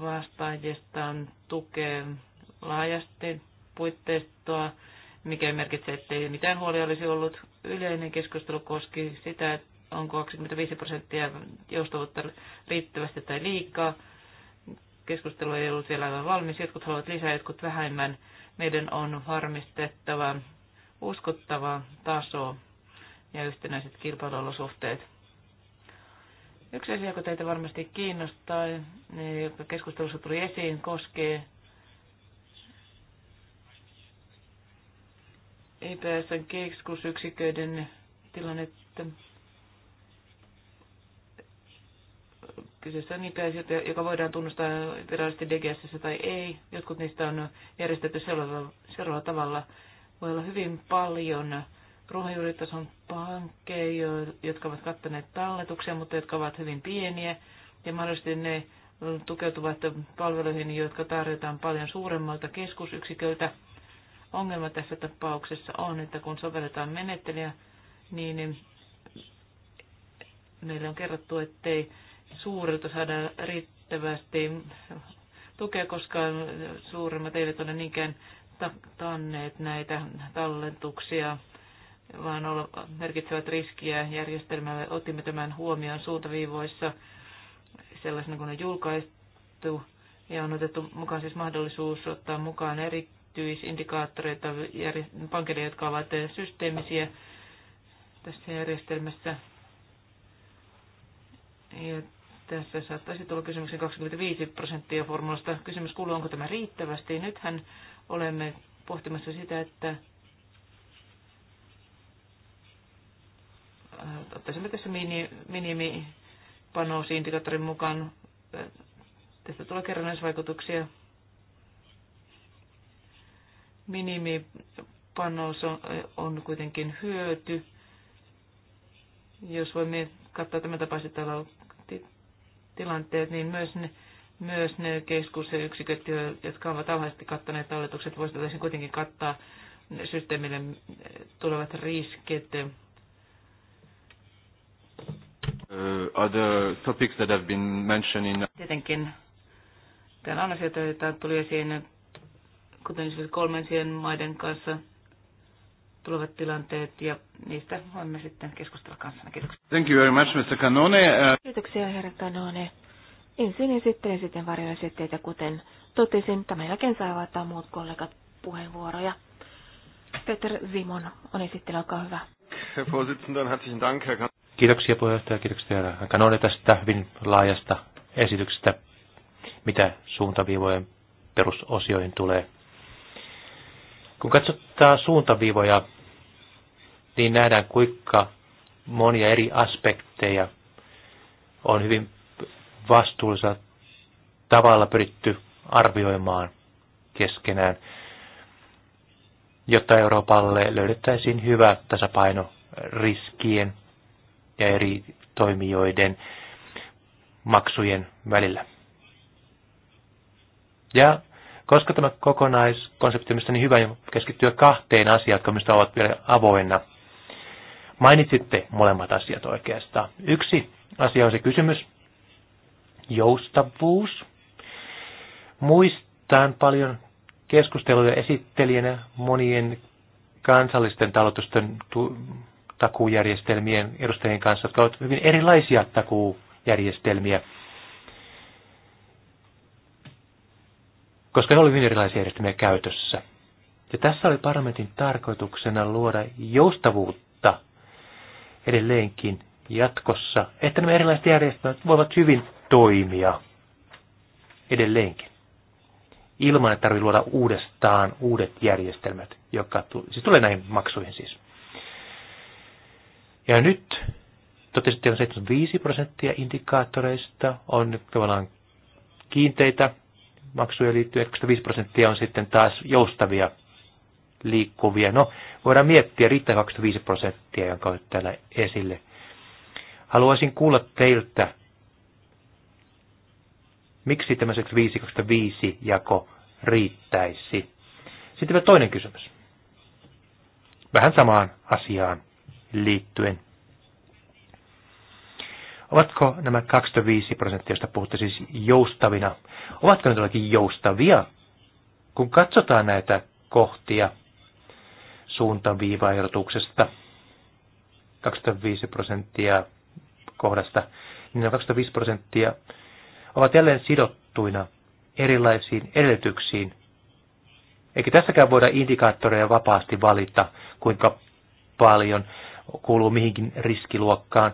vastaajista tukee laajasti puitteistoa, mikä merkitsee, ei mitään huolia olisi ollut. Yleinen keskustelu koski sitä, että onko 25 prosenttia joustavuutta riittävästi tai liikaa. Keskustelu ei ollut vielä aivan valmis. Jotkut haluavat lisää, jotkut vähemmän. Meidän on varmistettava uskottava taso ja yhtenäiset kilpailuolosuhteet. Yksi asia, joka teitä varmasti kiinnostaa, joka keskustelussa tuli esiin, koskee ei päästä keskusyksiköiden tilannetta. Kyseessä on niitä asioita, joka voidaan tunnustaa virallisesti DGS tai ei. Jotkut niistä on järjestetty seuraavalla tavalla. Voi olla hyvin paljon ruohonjuuritason pankkeja, jotka ovat kattaneet talletuksia, mutta jotka ovat hyvin pieniä. Ja mahdollisesti ne tukeutuvat palveluihin, jotka tarjotaan paljon suuremmalta keskusyksiköltä Ongelma tässä tapauksessa on, että kun sovelletaan menettelyä, niin meille on kerrottu, ettei suurilta saada riittävästi tukea, koska suurimmat eivät ole niinkään tanneet näitä tallentuksia, vaan merkitsevät riskiä järjestelmälle. Otimme tämän huomioon suuntaviivoissa sellaisena kuin on julkaistu ja on otettu mukaan siis mahdollisuus ottaa mukaan eri erityisindikaattoreita pankille, jotka ovat systeemisiä tässä järjestelmässä. Ja tässä saattaisi tulla kysymyksen 25 prosenttia formulasta. Kysymys kuuluu, onko tämä riittävästi. Nythän olemme pohtimassa sitä, että äh, ottaisimme tässä minimipanousi indikaattorin mukaan. Tästä tulee kerrannaisvaikutuksia minimipanos on, on kuitenkin hyöty, jos voimme katsoa tämän tapaiset tilanteet, niin myös ne, myös ne keskus- ja yksiköt, jotka ovat alhaisesti kattaneet talletukset, voisivat kuitenkin kattaa systeemille tulevat riskit. Uh, other topics that have been mentioned in... Tietenkin täällä on asioita, joita tuli esiin kuten siis kolmansien maiden kanssa tulevat tilanteet ja niistä voimme sitten keskustella kanssanne. Kiitoksia. Thank you very much, Mr. Canone. Uh, kiitoksia, herra Canone. Ensin esittelen sitten varjoesitteitä, kuten totesin. Tämän jälkeen saavat muut kollegat puheenvuoroja. Peter Simon on esittely, olkaa hyvä. Kiitoksia puheenjohtaja, kiitoksia herra Canone tästä hyvin laajasta esityksestä, mitä suuntaviivojen perusosioihin tulee. Kun katsotaan suuntaviivoja, niin nähdään kuinka monia eri aspekteja on hyvin vastuullisella tavalla pyritty arvioimaan keskenään, jotta Euroopalle löydettäisiin hyvä tasapaino riskien ja eri toimijoiden maksujen välillä. Ja koska tämä kokonaiskonsepti on niin hyvä ja keskittyä kahteen asiaan, jotka minusta ovat vielä avoinna. Mainitsitte molemmat asiat oikeastaan. Yksi asia on se kysymys, joustavuus. Muistan paljon keskusteluja esittelijänä monien kansallisten taloutusten takuujärjestelmien edustajien kanssa, jotka ovat hyvin erilaisia takuujärjestelmiä. koska ne oli hyvin erilaisia järjestelmiä käytössä. Ja tässä oli parlamentin tarkoituksena luoda joustavuutta edelleenkin jatkossa, että nämä erilaiset järjestelmät voivat hyvin toimia edelleenkin. Ilman, että tarvitsee luoda uudestaan uudet järjestelmät, jotka siis tulee näihin maksuihin siis. Ja nyt totesitte, että 75 prosenttia indikaattoreista on tavallaan kiinteitä maksuja liittyen, 25 prosenttia on sitten taas joustavia liikkuvia. No, voidaan miettiä, riittää 25 prosenttia, jonka olet täällä esille. Haluaisin kuulla teiltä, miksi tämä 75-25 jako riittäisi. Sitten vielä toinen kysymys. Vähän samaan asiaan liittyen. Ovatko nämä 25 prosenttia, joista puhutte siis joustavina, ovatko ne todellakin joustavia? Kun katsotaan näitä kohtia suuntaviivaehdotuksesta, 25 prosenttia kohdasta, niin nämä 25 prosenttia ovat jälleen sidottuina erilaisiin edellytyksiin. Eikä tässäkään voida indikaattoreja vapaasti valita, kuinka paljon kuuluu mihinkin riskiluokkaan,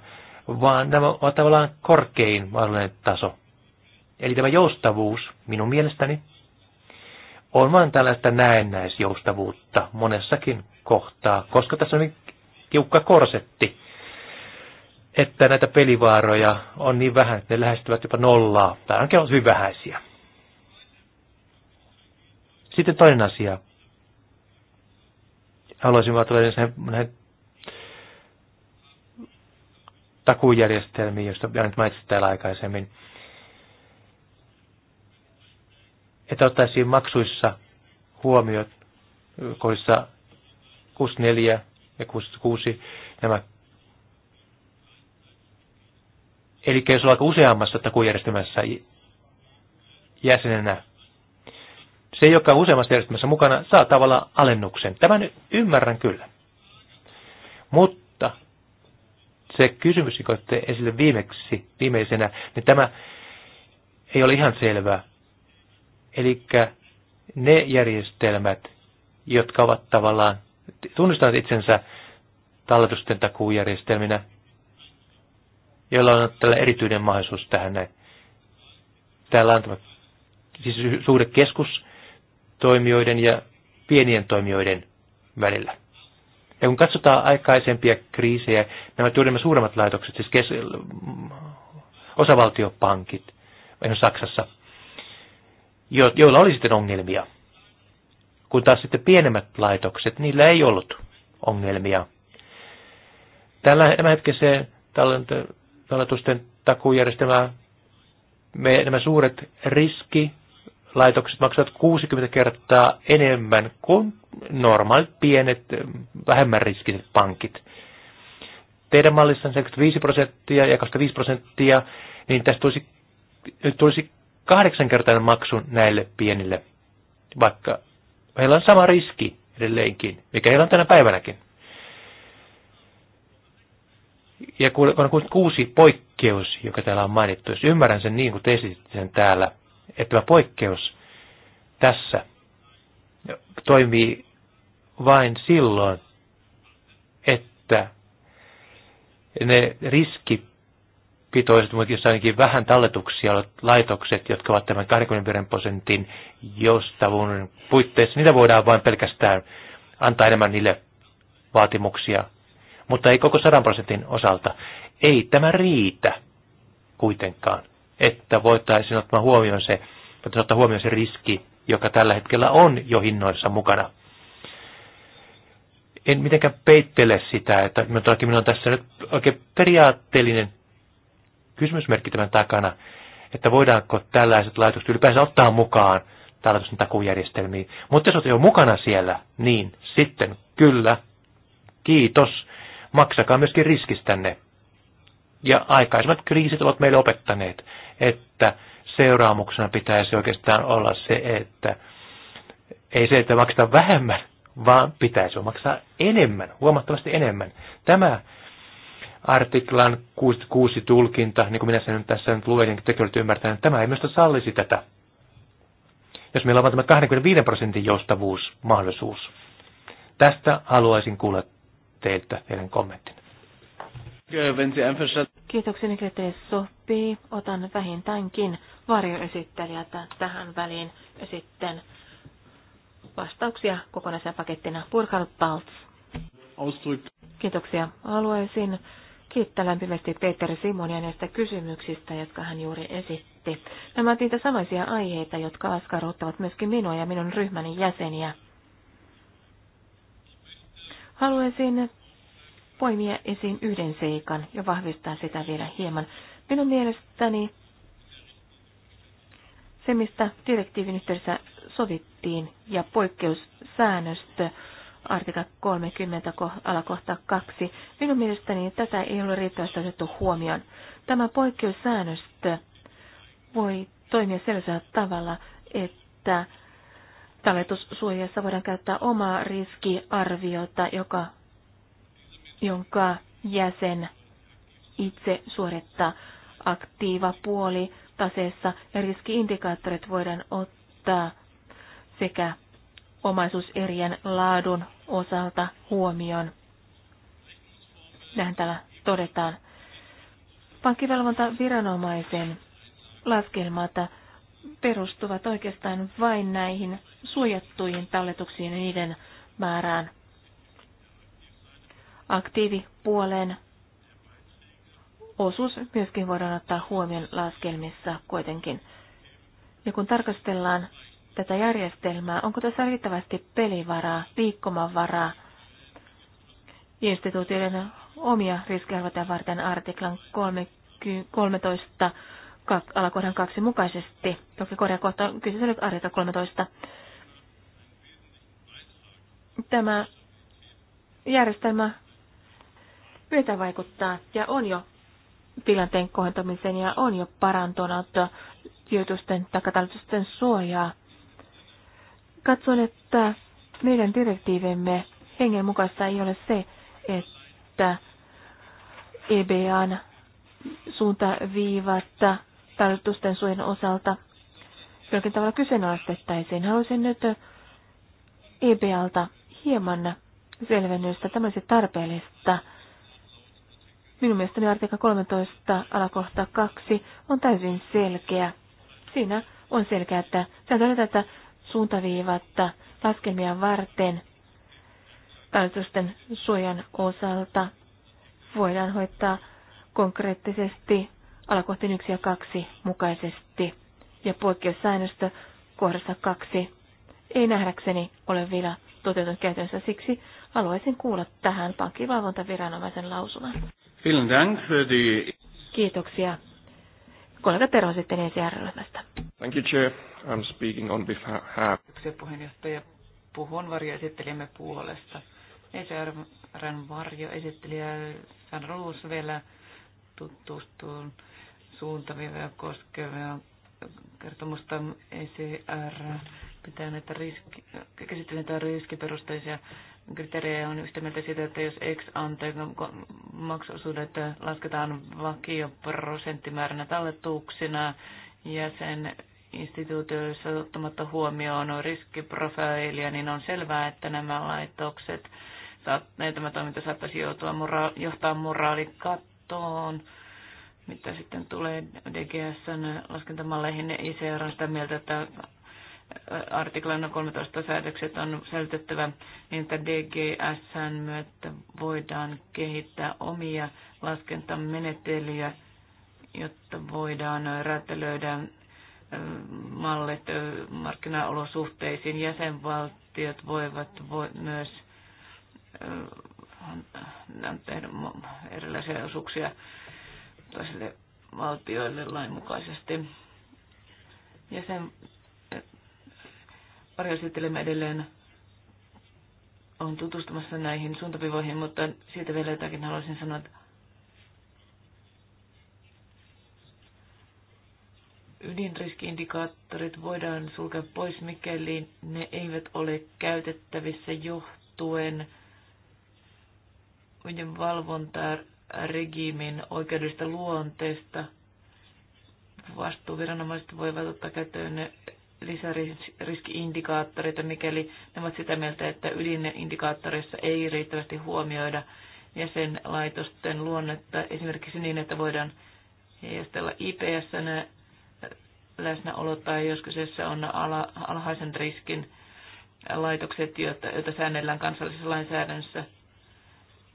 vaan nämä ovat tavallaan korkein mahdollinen taso. Eli tämä joustavuus minun mielestäni on vain tällaista näennäisjoustavuutta monessakin kohtaa, koska tässä on niin tiukka korsetti, että näitä pelivaaroja on niin vähän, että ne lähestyvät jopa nollaa, tai ainakin on hyvin vähäisiä. Sitten toinen asia. Haluaisin vaan tulla näihin takujärjestelmiin, joista nyt mainitsin täällä aikaisemmin, että ottaisiin maksuissa huomioon kohdissa 64 ja 66 nämä. Eli jos ollaan useammassa takujärjestelmässä jäsenenä, se, joka on useammassa järjestelmässä mukana, saa tavallaan alennuksen. Tämän ymmärrän kyllä. Mutta se kysymys, joka otte esille viimeksi, viimeisenä, niin tämä ei ole ihan selvää. Eli ne järjestelmät, jotka ovat tavallaan, tunnistaneet itsensä talletusten takuujärjestelminä, joilla on tällä erityinen mahdollisuus tähän näin. Täällä on tämä siis suuri keskus toimijoiden ja pienien toimijoiden välillä. Ja kun katsotaan aikaisempia kriisejä, nämä tuodemme suuremmat laitokset, siis kes, mm, osavaltiopankit, Saksassa, jo, joilla oli sitten ongelmia. Kun taas sitten pienemmät laitokset, niillä ei ollut ongelmia. Tällä hetkeseen talletusten takuujärjestelmää, me, nämä suuret riski- laitokset maksavat 60 kertaa enemmän kuin normaalit pienet, vähemmän riskiset pankit. Teidän mallissa on 75 prosenttia ja 25 prosenttia, niin tästä tulisi, nyt tulisi kahdeksankertainen maksu näille pienille, vaikka heillä on sama riski edelleenkin, mikä heillä on tänä päivänäkin. Ja on kuusi poikkeus, joka täällä on mainittu. Jos ymmärrän sen niin, kuin te sen täällä, että poikkeus tässä toimii vain silloin, että ne riskipitoiset, mutta ainakin vähän talletuksia laitokset, jotka ovat tämän 20 prosentin joustavuuden puitteissa, niitä voidaan vain pelkästään antaa enemmän niille vaatimuksia, mutta ei koko 100 prosentin osalta. Ei tämä riitä kuitenkaan että voitaisiin ottaa huomioon se, että ottaa huomioon se riski, joka tällä hetkellä on jo hinnoissa mukana. En mitenkään peittele sitä, että minulla on tässä nyt oikein periaatteellinen kysymysmerkki tämän takana, että voidaanko tällaiset laitokset ylipäänsä ottaa mukaan tällaisen takujärjestelmiin. Mutta jos olet jo mukana siellä, niin sitten kyllä, kiitos, maksakaa myöskin riskistänne. Ja aikaisemmat kriisit ovat meille opettaneet, että seuraamuksena pitäisi oikeastaan olla se, että ei se, että maksetaan vähemmän, vaan pitäisi maksaa enemmän, huomattavasti enemmän. Tämä artiklan 66 tulkinta, niin kuin minä sen nyt tässä nyt luen, niin tekin olette ymmärtäneet, tämä ei myöskään sallisi tätä. Jos meillä on vain tämä 25 prosentin joustavuusmahdollisuus. Tästä haluaisin kuulla teiltä teidän kommenttinne. Kiitoksia, mikä teille sopii. Otan vähintäänkin varjoesittelijät tähän väliin ja sitten vastauksia kokonaisen pakettina. Burkhard Paltz. Kiitoksia. Haluaisin kiittää lämpimästi Peter Simonia näistä kysymyksistä, jotka hän juuri esitti. Nämä ovat niitä samaisia aiheita, jotka askarruttavat myöskin minua ja minun ryhmäni jäseniä. Haluaisin poimia esiin yhden seikan ja vahvistaa sitä vielä hieman. Minun mielestäni se, mistä direktiivin yhteydessä sovittiin ja poikkeussäännöstö artikla 30 alakohta 2. Minun mielestäni tätä ei ole riittävästi otettu huomioon. Tämä poikkeussäännöstö voi toimia sellaisella tavalla, että talletussuojassa voidaan käyttää omaa riskiarviota, joka jonka jäsen itse suorittaa aktiiva puoli taseessa ja riskiindikaattorit voidaan ottaa sekä omaisuuserien laadun osalta huomioon. Näin täällä todetaan. Pankkivalvontaviranomaisen laskelmat perustuvat oikeastaan vain näihin suojattuihin talletuksiin ja niiden määrään aktiivipuolen osuus myöskin voidaan ottaa huomioon laskelmissa kuitenkin. Ja kun tarkastellaan tätä järjestelmää, onko tässä riittävästi pelivaraa, liikkumavaraa instituutioiden omia riskiarvoja varten artiklan 13 alakohdan 2 mukaisesti. Toki korjakohta kyseessä nyt artikla 13. Tämä järjestelmä myötä vaikuttaa ja on jo tilanteen kohentamisen ja on jo parantunut sijoitusten takatalitusten suojaa. Katson, että meidän direktiivemme hengen mukaista ei ole se, että EBAn suuntaviivat talletusten suojan osalta jollakin tavalla kyseenalaistettaisiin. Haluaisin nyt EBAlta hieman selvennystä. Tämä olisi tarpeellista Minun mielestäni artikla 13 alakohta 2 on täysin selkeä. Siinä on selkeä, että se todetaan, että suuntaviivatta laskelmia varten tarkoitusten suojan osalta voidaan hoitaa konkreettisesti alakohtien 1 ja 2 mukaisesti ja poikkeussäännöstö kohdassa 2 ei nähdäkseni ole vielä toteutunut käytännössä siksi Haluaisin kuulla tähän pankkivalvontaviranomaisen lausuman. Vielen dank für die... Kiitoksia. Kollega Tero sitten ECR-ryhmästä. Thank you, Chair. I'm speaking on behalf... Kiitoksia puheenjohtaja. Puhun esittelijämme puolesta. ECRn esittelijä San Roos vielä suuntaviin ja koskevia kertomusta ECR pitää näitä riski, käsittelee näitä riskiperusteisia kriteerejä on yhtä mieltä siitä, että jos ex ante maksuosuudet lasketaan vakioprosenttimääränä talletuksina ja sen instituutioissa ottamatta huomioon riskiprofiilia, niin on selvää, että nämä laitokset, tämä toiminta saattaisi joutua mora- johtaa moraalikattoon. Mitä sitten tulee DGSn laskentamalleihin, ICR niin on sitä mieltä, että artiklan 13 säädökset on säilytettävä niin, että DGSn myötä voidaan kehittää omia laskentamenetelyjä, jotta voidaan räätälöidä mallit markkinaolosuhteisiin. Jäsenvaltiot voivat vo- myös tehdä erilaisia osuuksia toisille valtioille lainmukaisesti. Jäsen, varjoesittelemme edelleen on tutustumassa näihin suuntavivoihin, mutta siitä vielä jotakin haluaisin sanoa, että ydinriskiindikaattorit voidaan sulkea pois, mikäli ne eivät ole käytettävissä johtuen valvontaregiimin oikeudellisesta luonteesta. Vastuuviranomaiset voivat ottaa käyttöön ne lisäriskiindikaattorit, mikäli ne ovat sitä mieltä, että ydinindikaattoreissa ei riittävästi huomioida jäsenlaitosten luonnetta, esimerkiksi niin, että voidaan heijastella ips läsnäolo tai jos kyseessä on ala, alhaisen riskin laitokset, joita, joita säännellään kansallisessa lainsäädännössä.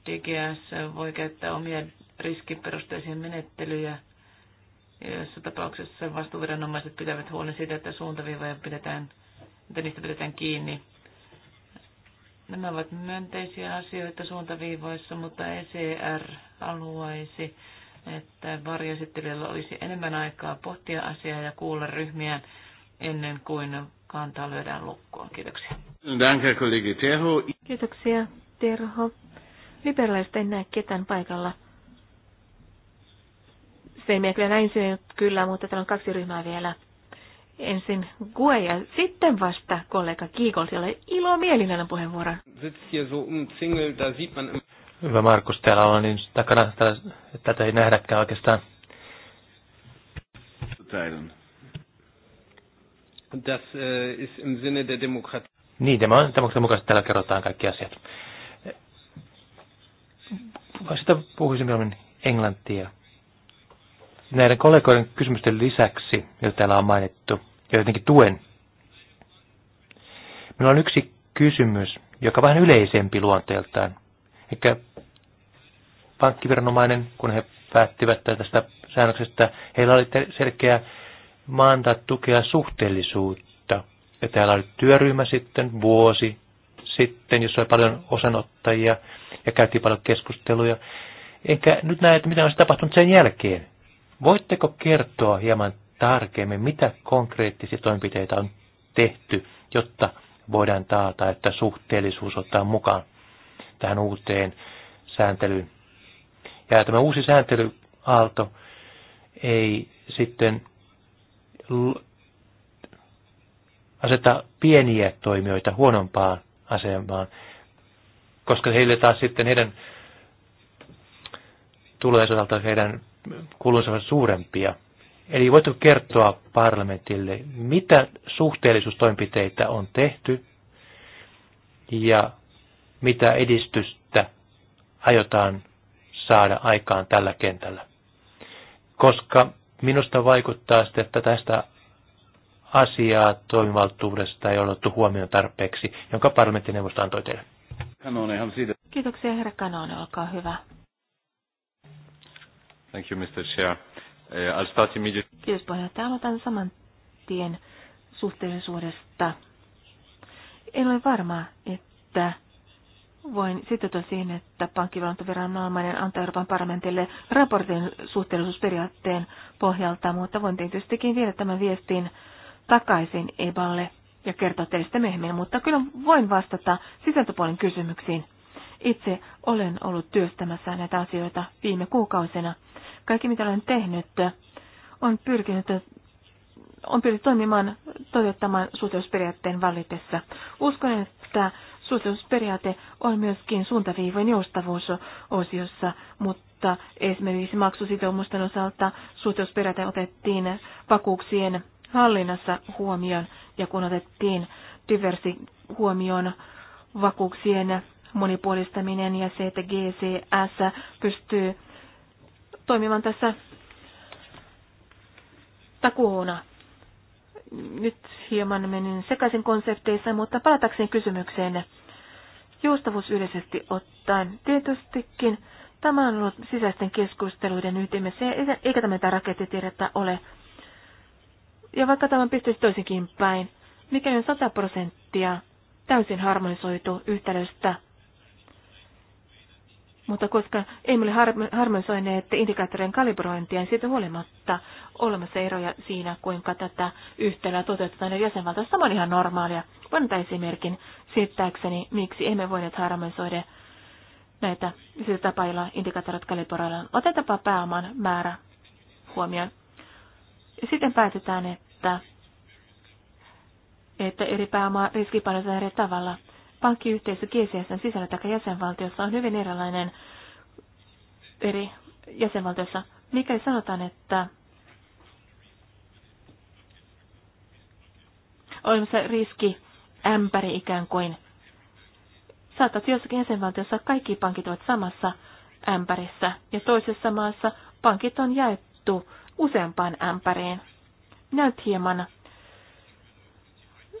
DGS voi käyttää omia riskiperusteisia menettelyjä – joissa tapauksessa vastuuviranomaiset pitävät huolen siitä, että suuntaviivoja pidetään, että niistä pidetään kiinni. Nämä ovat myönteisiä asioita suuntaviivoissa, mutta ECR haluaisi, että varjoesittelijällä olisi enemmän aikaa pohtia asiaa ja kuulla ryhmiä ennen kuin kantaa lyödään lukkoon. Kiitoksia. Kiitoksia, Terho. Liberaalista en näe ketään paikalla ei mene kyllä näin sen kyllä, mutta täällä on kaksi ryhmää vielä. Ensin Gue ja sitten vasta kollega Kiikol, siellä ilo mielinen puheenvuoro. Hyvä Markus, täällä on niin takana, tätä ei nähdäkään oikeastaan. Das äh, ist im Sinne der Demokratie. Niin, tämä on demokratian mukaisesti täällä kerrotaan kaikki asiat. Sitä puhuisin mieluummin englantia näiden kollegoiden kysymysten lisäksi, joita täällä on mainittu, ja jotenkin tuen. Minulla on yksi kysymys, joka on vähän yleisempi luonteeltaan. Ehkä pankkiviranomainen, kun he päättivät tästä säännöksestä, heillä oli selkeä maantaa tukea suhteellisuutta. Ja täällä oli työryhmä sitten vuosi sitten, jossa oli paljon osanottajia ja käytiin paljon keskusteluja. Enkä nyt näe, että mitä on tapahtunut sen jälkeen. Voitteko kertoa hieman tarkemmin, mitä konkreettisia toimenpiteitä on tehty, jotta voidaan taata, että suhteellisuus ottaa mukaan tähän uuteen sääntelyyn? Ja tämä uusi sääntelyaalto ei sitten aseta pieniä toimijoita huonompaan asemaan, koska heille taas sitten heidän tulee osalta heidän kulunsa suurempia. Eli voitko kertoa parlamentille, mitä suhteellisuustoimenpiteitä on tehty ja mitä edistystä aiotaan saada aikaan tällä kentällä? Koska minusta vaikuttaa sitten, että tästä asiaa toimivaltuudesta ei ole otettu huomioon tarpeeksi, jonka parlamenttineuvosto antoi teille. Kanone, ihan siitä. Kiitoksia herra Kanone, olkaa hyvä. Thank you, Mr. Chair. Eh, I'll start immediately. Kiitos puheenjohtaja. Aloitan saman tien suhteellisuudesta. En ole varma, että voin sitoutua siihen, että pankkivalvontaviranomainen antaa Euroopan parlamentille raportin suhteellisuusperiaatteen pohjalta, mutta voin tietystikin viedä tämän viestin takaisin EBAlle ja kertoa teille sitä myöhemmin, mutta kyllä voin vastata sisältöpuolen kysymyksiin. Itse olen ollut työstämässä näitä asioita viime kuukausina. Kaikki mitä olen tehnyt on pyrkinyt on pyritty toimimaan toteuttamaan suhteusperiaatteen vallitessa. Uskon, että suhteusperiaate on myöskin suuntaviivojen joustavuusosiossa, mutta esimerkiksi maksusitoumusten osalta suhteusperiaate otettiin vakuuksien hallinnassa huomioon ja kun otettiin diversi huomioon vakuuksien monipuolistaminen ja se, että GCS pystyy toimimaan tässä takuuna. Nyt hieman menin sekaisin konsepteissa, mutta palatakseen kysymykseen. Joustavuus yleisesti ottaen tietystikin. Tämä on ollut sisäisten keskusteluiden ytimessä, eikä tämä mitään rakettitiedettä ole. Ja vaikka tämä pystyisi toisinkin päin, mikä on 100 prosenttia täysin harmonisoitu yhtälöstä – mutta koska emme ole harmonisoineet indikaattorien kalibrointia, niin siitä huolimatta olemassa eroja siinä, kuinka tätä yhtälöä toteutetaan jäsenvaltioissa. Tämä on ihan normaalia. Voin antaa esimerkin selittääkseni, miksi emme voineet harmonisoida näitä sitä tapaa, jolla indikaattorit kalibroidaan. Otetaanpa pääoman määrä huomioon. Ja sitten päätetään, että, että eri pääomaa riskipainotetaan eri tavalla – pankkiyhteisö GCSn sisällä tai jäsenvaltiossa on hyvin erilainen eri jäsenvaltiossa. Mikäli sanotaan, että olemassa riski ämpäri ikään kuin. Saattaa jossakin jäsenvaltiossa kaikki pankit ovat samassa ämpärissä ja toisessa maassa pankit on jaettu useampaan ämpäriin. Näyt hieman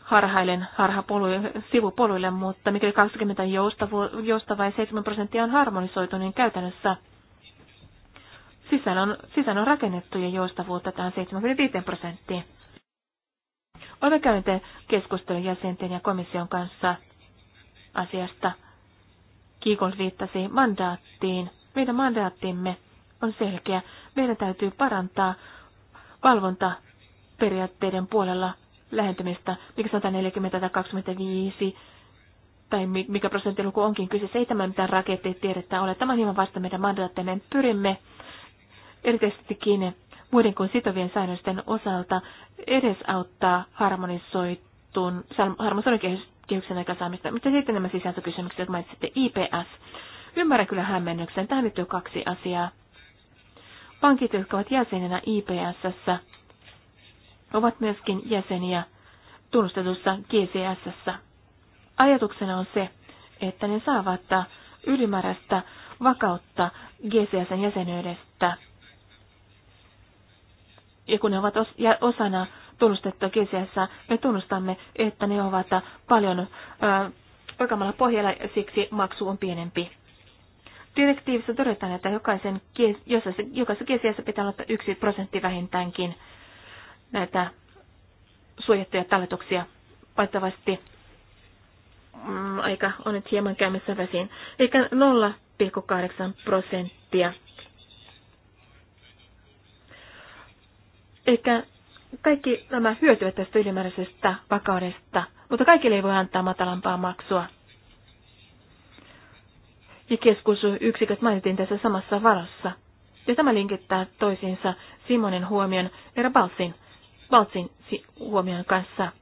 harhailen sivupoluille, mutta mikäli 20 joustava ja 7 prosenttia on harmonisoitu, niin käytännössä sisään on, sisään on rakennettu ja joustavuutta tähän 75 prosenttiin. Olemme käyneet keskustelun jäsenten ja komission kanssa asiasta. Kiikon viittasi mandaattiin. Meidän mandaattimme on selkeä. Meidän täytyy parantaa valvontaperiaatteiden puolella lähentymistä, mikä 140 tai 25 tai mikä prosenttiluku onkin kyse seitsemän tämä raketteja rakettitiedettä ole. Tämä on hieman vasta meidän mandaatteemme. Pyrimme erityisesti kiinni muiden kuin sitovien säännösten osalta edesauttaa harmonisoitun, harmonisoidun kehyksen aikaisemmista. Mutta sitten nämä sisältökysymykset, jotka mainitsitte IPS. Ymmärrän kyllä hämmennyksen. Tähän liittyy kaksi asiaa. Pankit, jotka ovat jäsenenä IPSssä, ovat myöskin jäseniä tunnustetussa GCSssä. Ajatuksena on se, että ne saavat ylimääräistä vakautta GCSn jäsenyydestä. Ja kun ne ovat osana tunnustettua GCS, me tunnustamme, että ne ovat paljon korkeammalla pohjalla ja siksi maksu on pienempi. Direktiivissä todetaan, että jokaisen, jokaisessa GCS pitää olla yksi prosentti vähintäänkin näitä suojattuja talletuksia. Valitettavasti mm, aika on nyt hieman käymässä väsiin. Eli 0,8 prosenttia. Eli kaikki nämä hyötyvät tästä ylimääräisestä vakaudesta, mutta kaikille ei voi antaa matalampaa maksua. Ja keskusyksiköt mainitin tässä samassa varossa. Ja tämä linkittää toisiinsa Simonin huomion Era Baltsin huomion kanssa.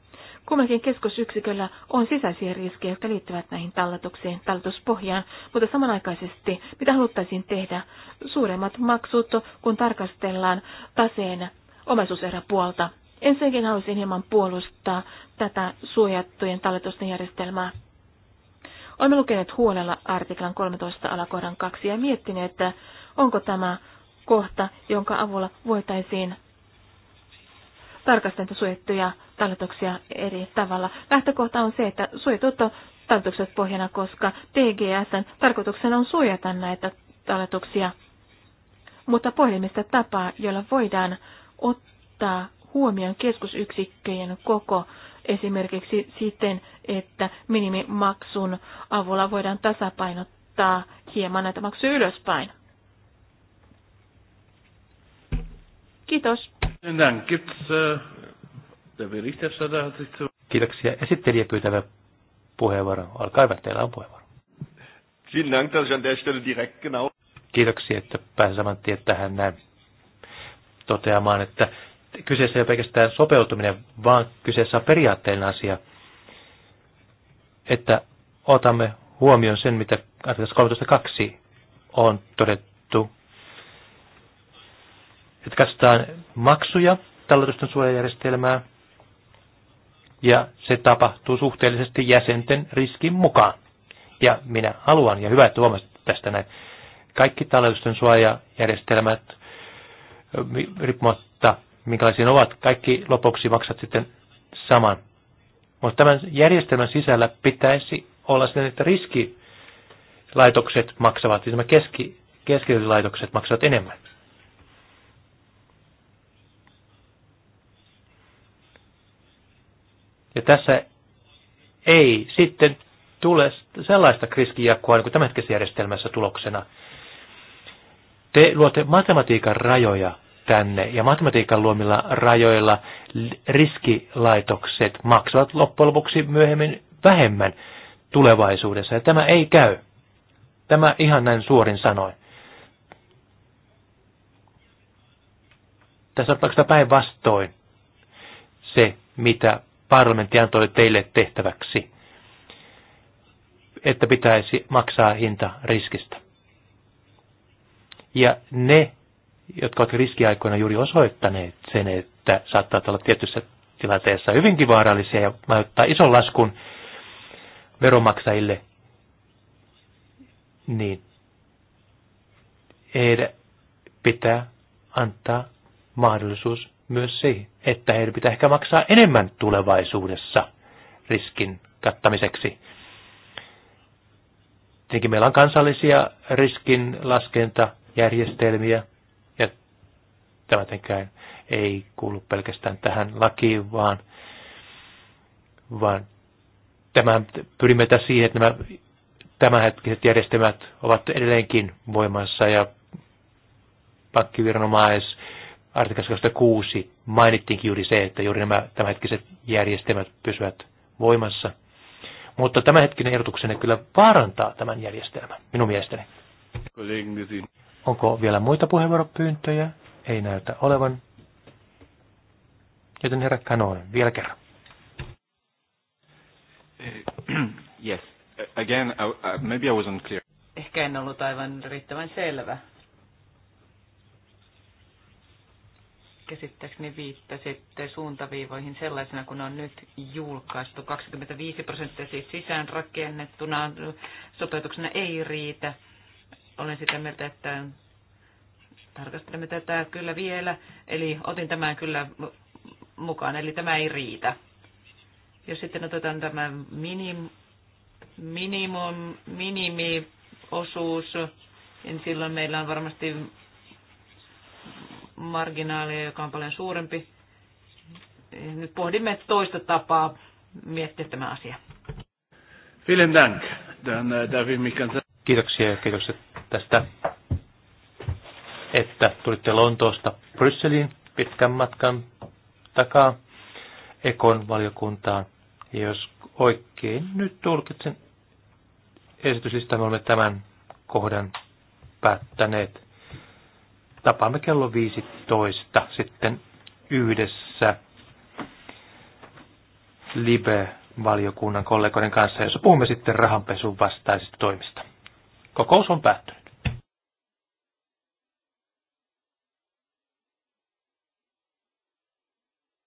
Kummankin keskusyksiköllä on sisäisiä riskejä, jotka liittyvät näihin talletuksiin, talletuspohjaan, mutta samanaikaisesti, mitä haluttaisiin tehdä, suuremmat maksut, kun tarkastellaan taseen omaisuuseräpuolta. Ensinnäkin haluaisin hieman puolustaa tätä suojattujen talletusten järjestelmää. Olemme lukeneet huolella artiklan 13 alakohdan 2 ja miettineet, että onko tämä kohta, jonka avulla voitaisiin tarkasteltu suojattuja talletuksia eri tavalla. Lähtökohta on se, että suojatut talletukset pohjana, koska TGSn tarkoituksena on suojata näitä talletuksia, mutta pohjimmista tapaa, jolla voidaan ottaa huomioon keskusyksikköjen koko esimerkiksi siten, että minimimaksun avulla voidaan tasapainottaa hieman näitä maksuja ylöspäin. Kiitos. Äh, Kiitoksia. Esittelijä pyytävä puheenvuoro. Olkaa hyvä, teillä on puheenvuoro. Vielen Dank, dass ich an der Stelle direkt genau. Kiitoksia, että pääsin saman tien tähän näin toteamaan, että kyseessä ei ole pelkästään sopeutuminen, vaan kyseessä on periaatteellinen asia, että otamme huomioon sen, mitä artikassa 13.2 on todettu että katsotaan maksuja, talletusten suojajärjestelmää, ja se tapahtuu suhteellisesti jäsenten riskin mukaan. Ja minä haluan, ja hyvä, että tästä näin, kaikki talletusten suojajärjestelmät, riippumatta minkälaisia ne ovat, kaikki lopuksi maksat sitten saman. Mutta tämän järjestelmän sisällä pitäisi olla sen, että riskilaitokset maksavat, siis nämä keski, keskitetyt laitokset maksavat enemmän. Ja tässä ei sitten tule sellaista kriskijakkoa niin kuin hetkessä järjestelmässä tuloksena. Te luotte matematiikan rajoja tänne, ja matematiikan luomilla rajoilla riskilaitokset maksavat loppujen lopuksi myöhemmin vähemmän tulevaisuudessa, ja tämä ei käy. Tämä ihan näin suorin sanoin. Tässä on päinvastoin se, mitä parlamentti antoi teille tehtäväksi, että pitäisi maksaa hinta riskistä. Ja ne, jotka ovat riskiaikoina juuri osoittaneet sen, että saattaa olla tietyssä tilanteessa hyvinkin vaarallisia ja aiheuttaa ison laskun veronmaksajille, niin heidän pitää antaa mahdollisuus myös se, että heidän pitää ehkä maksaa enemmän tulevaisuudessa riskin kattamiseksi. Tietenkin meillä on kansallisia riskin laskentajärjestelmiä ja tämä tietenkään ei kuulu pelkästään tähän lakiin, vaan, vaan tämän pyrimme tässä siihen, että nämä tämänhetkiset järjestelmät ovat edelleenkin voimassa ja pankkiviranomais artikas 26 mainittiinkin juuri se, että juuri nämä tämänhetkiset järjestelmät pysyvät voimassa. Mutta tämänhetkinen ehdotuksenne kyllä vaarantaa tämän järjestelmän, minun mielestäni. Onko vielä muita puheenvuoropyyntöjä? Ei näytä olevan. Joten herra Kanonen, vielä kerran. Eh, [CLEARS THROAT] yes. Again, maybe I wasn't clear. Ehkä en ollut aivan riittävän selvä. käsittääkseni viittasitte suuntaviivoihin sellaisena, kun on nyt julkaistu. 25 prosenttia siis sisään rakennettuna sopeutuksena ei riitä. Olen sitä mieltä, että tarkastelemme tätä kyllä vielä. Eli otin tämän kyllä mukaan, eli tämä ei riitä. Jos sitten otetaan tämä minim, minimum, minimiosuus, niin silloin meillä on varmasti marginaalia, joka on paljon suurempi. Nyt pohdimme toista tapaa miettiä tämä asia. Äh, Kiitoksia ja kiitokset tästä, että tulitte Lontoosta Brysseliin pitkän matkan takaa Ekon valiokuntaan. Ja jos oikein nyt tulkitsen esityslistaa, me olemme tämän kohdan päättäneet. Tapaamme kello 15 sitten yhdessä Libe-valiokunnan kollegoiden kanssa, jossa puhumme sitten rahanpesun vastaisista toimista. Kokous on päättynyt.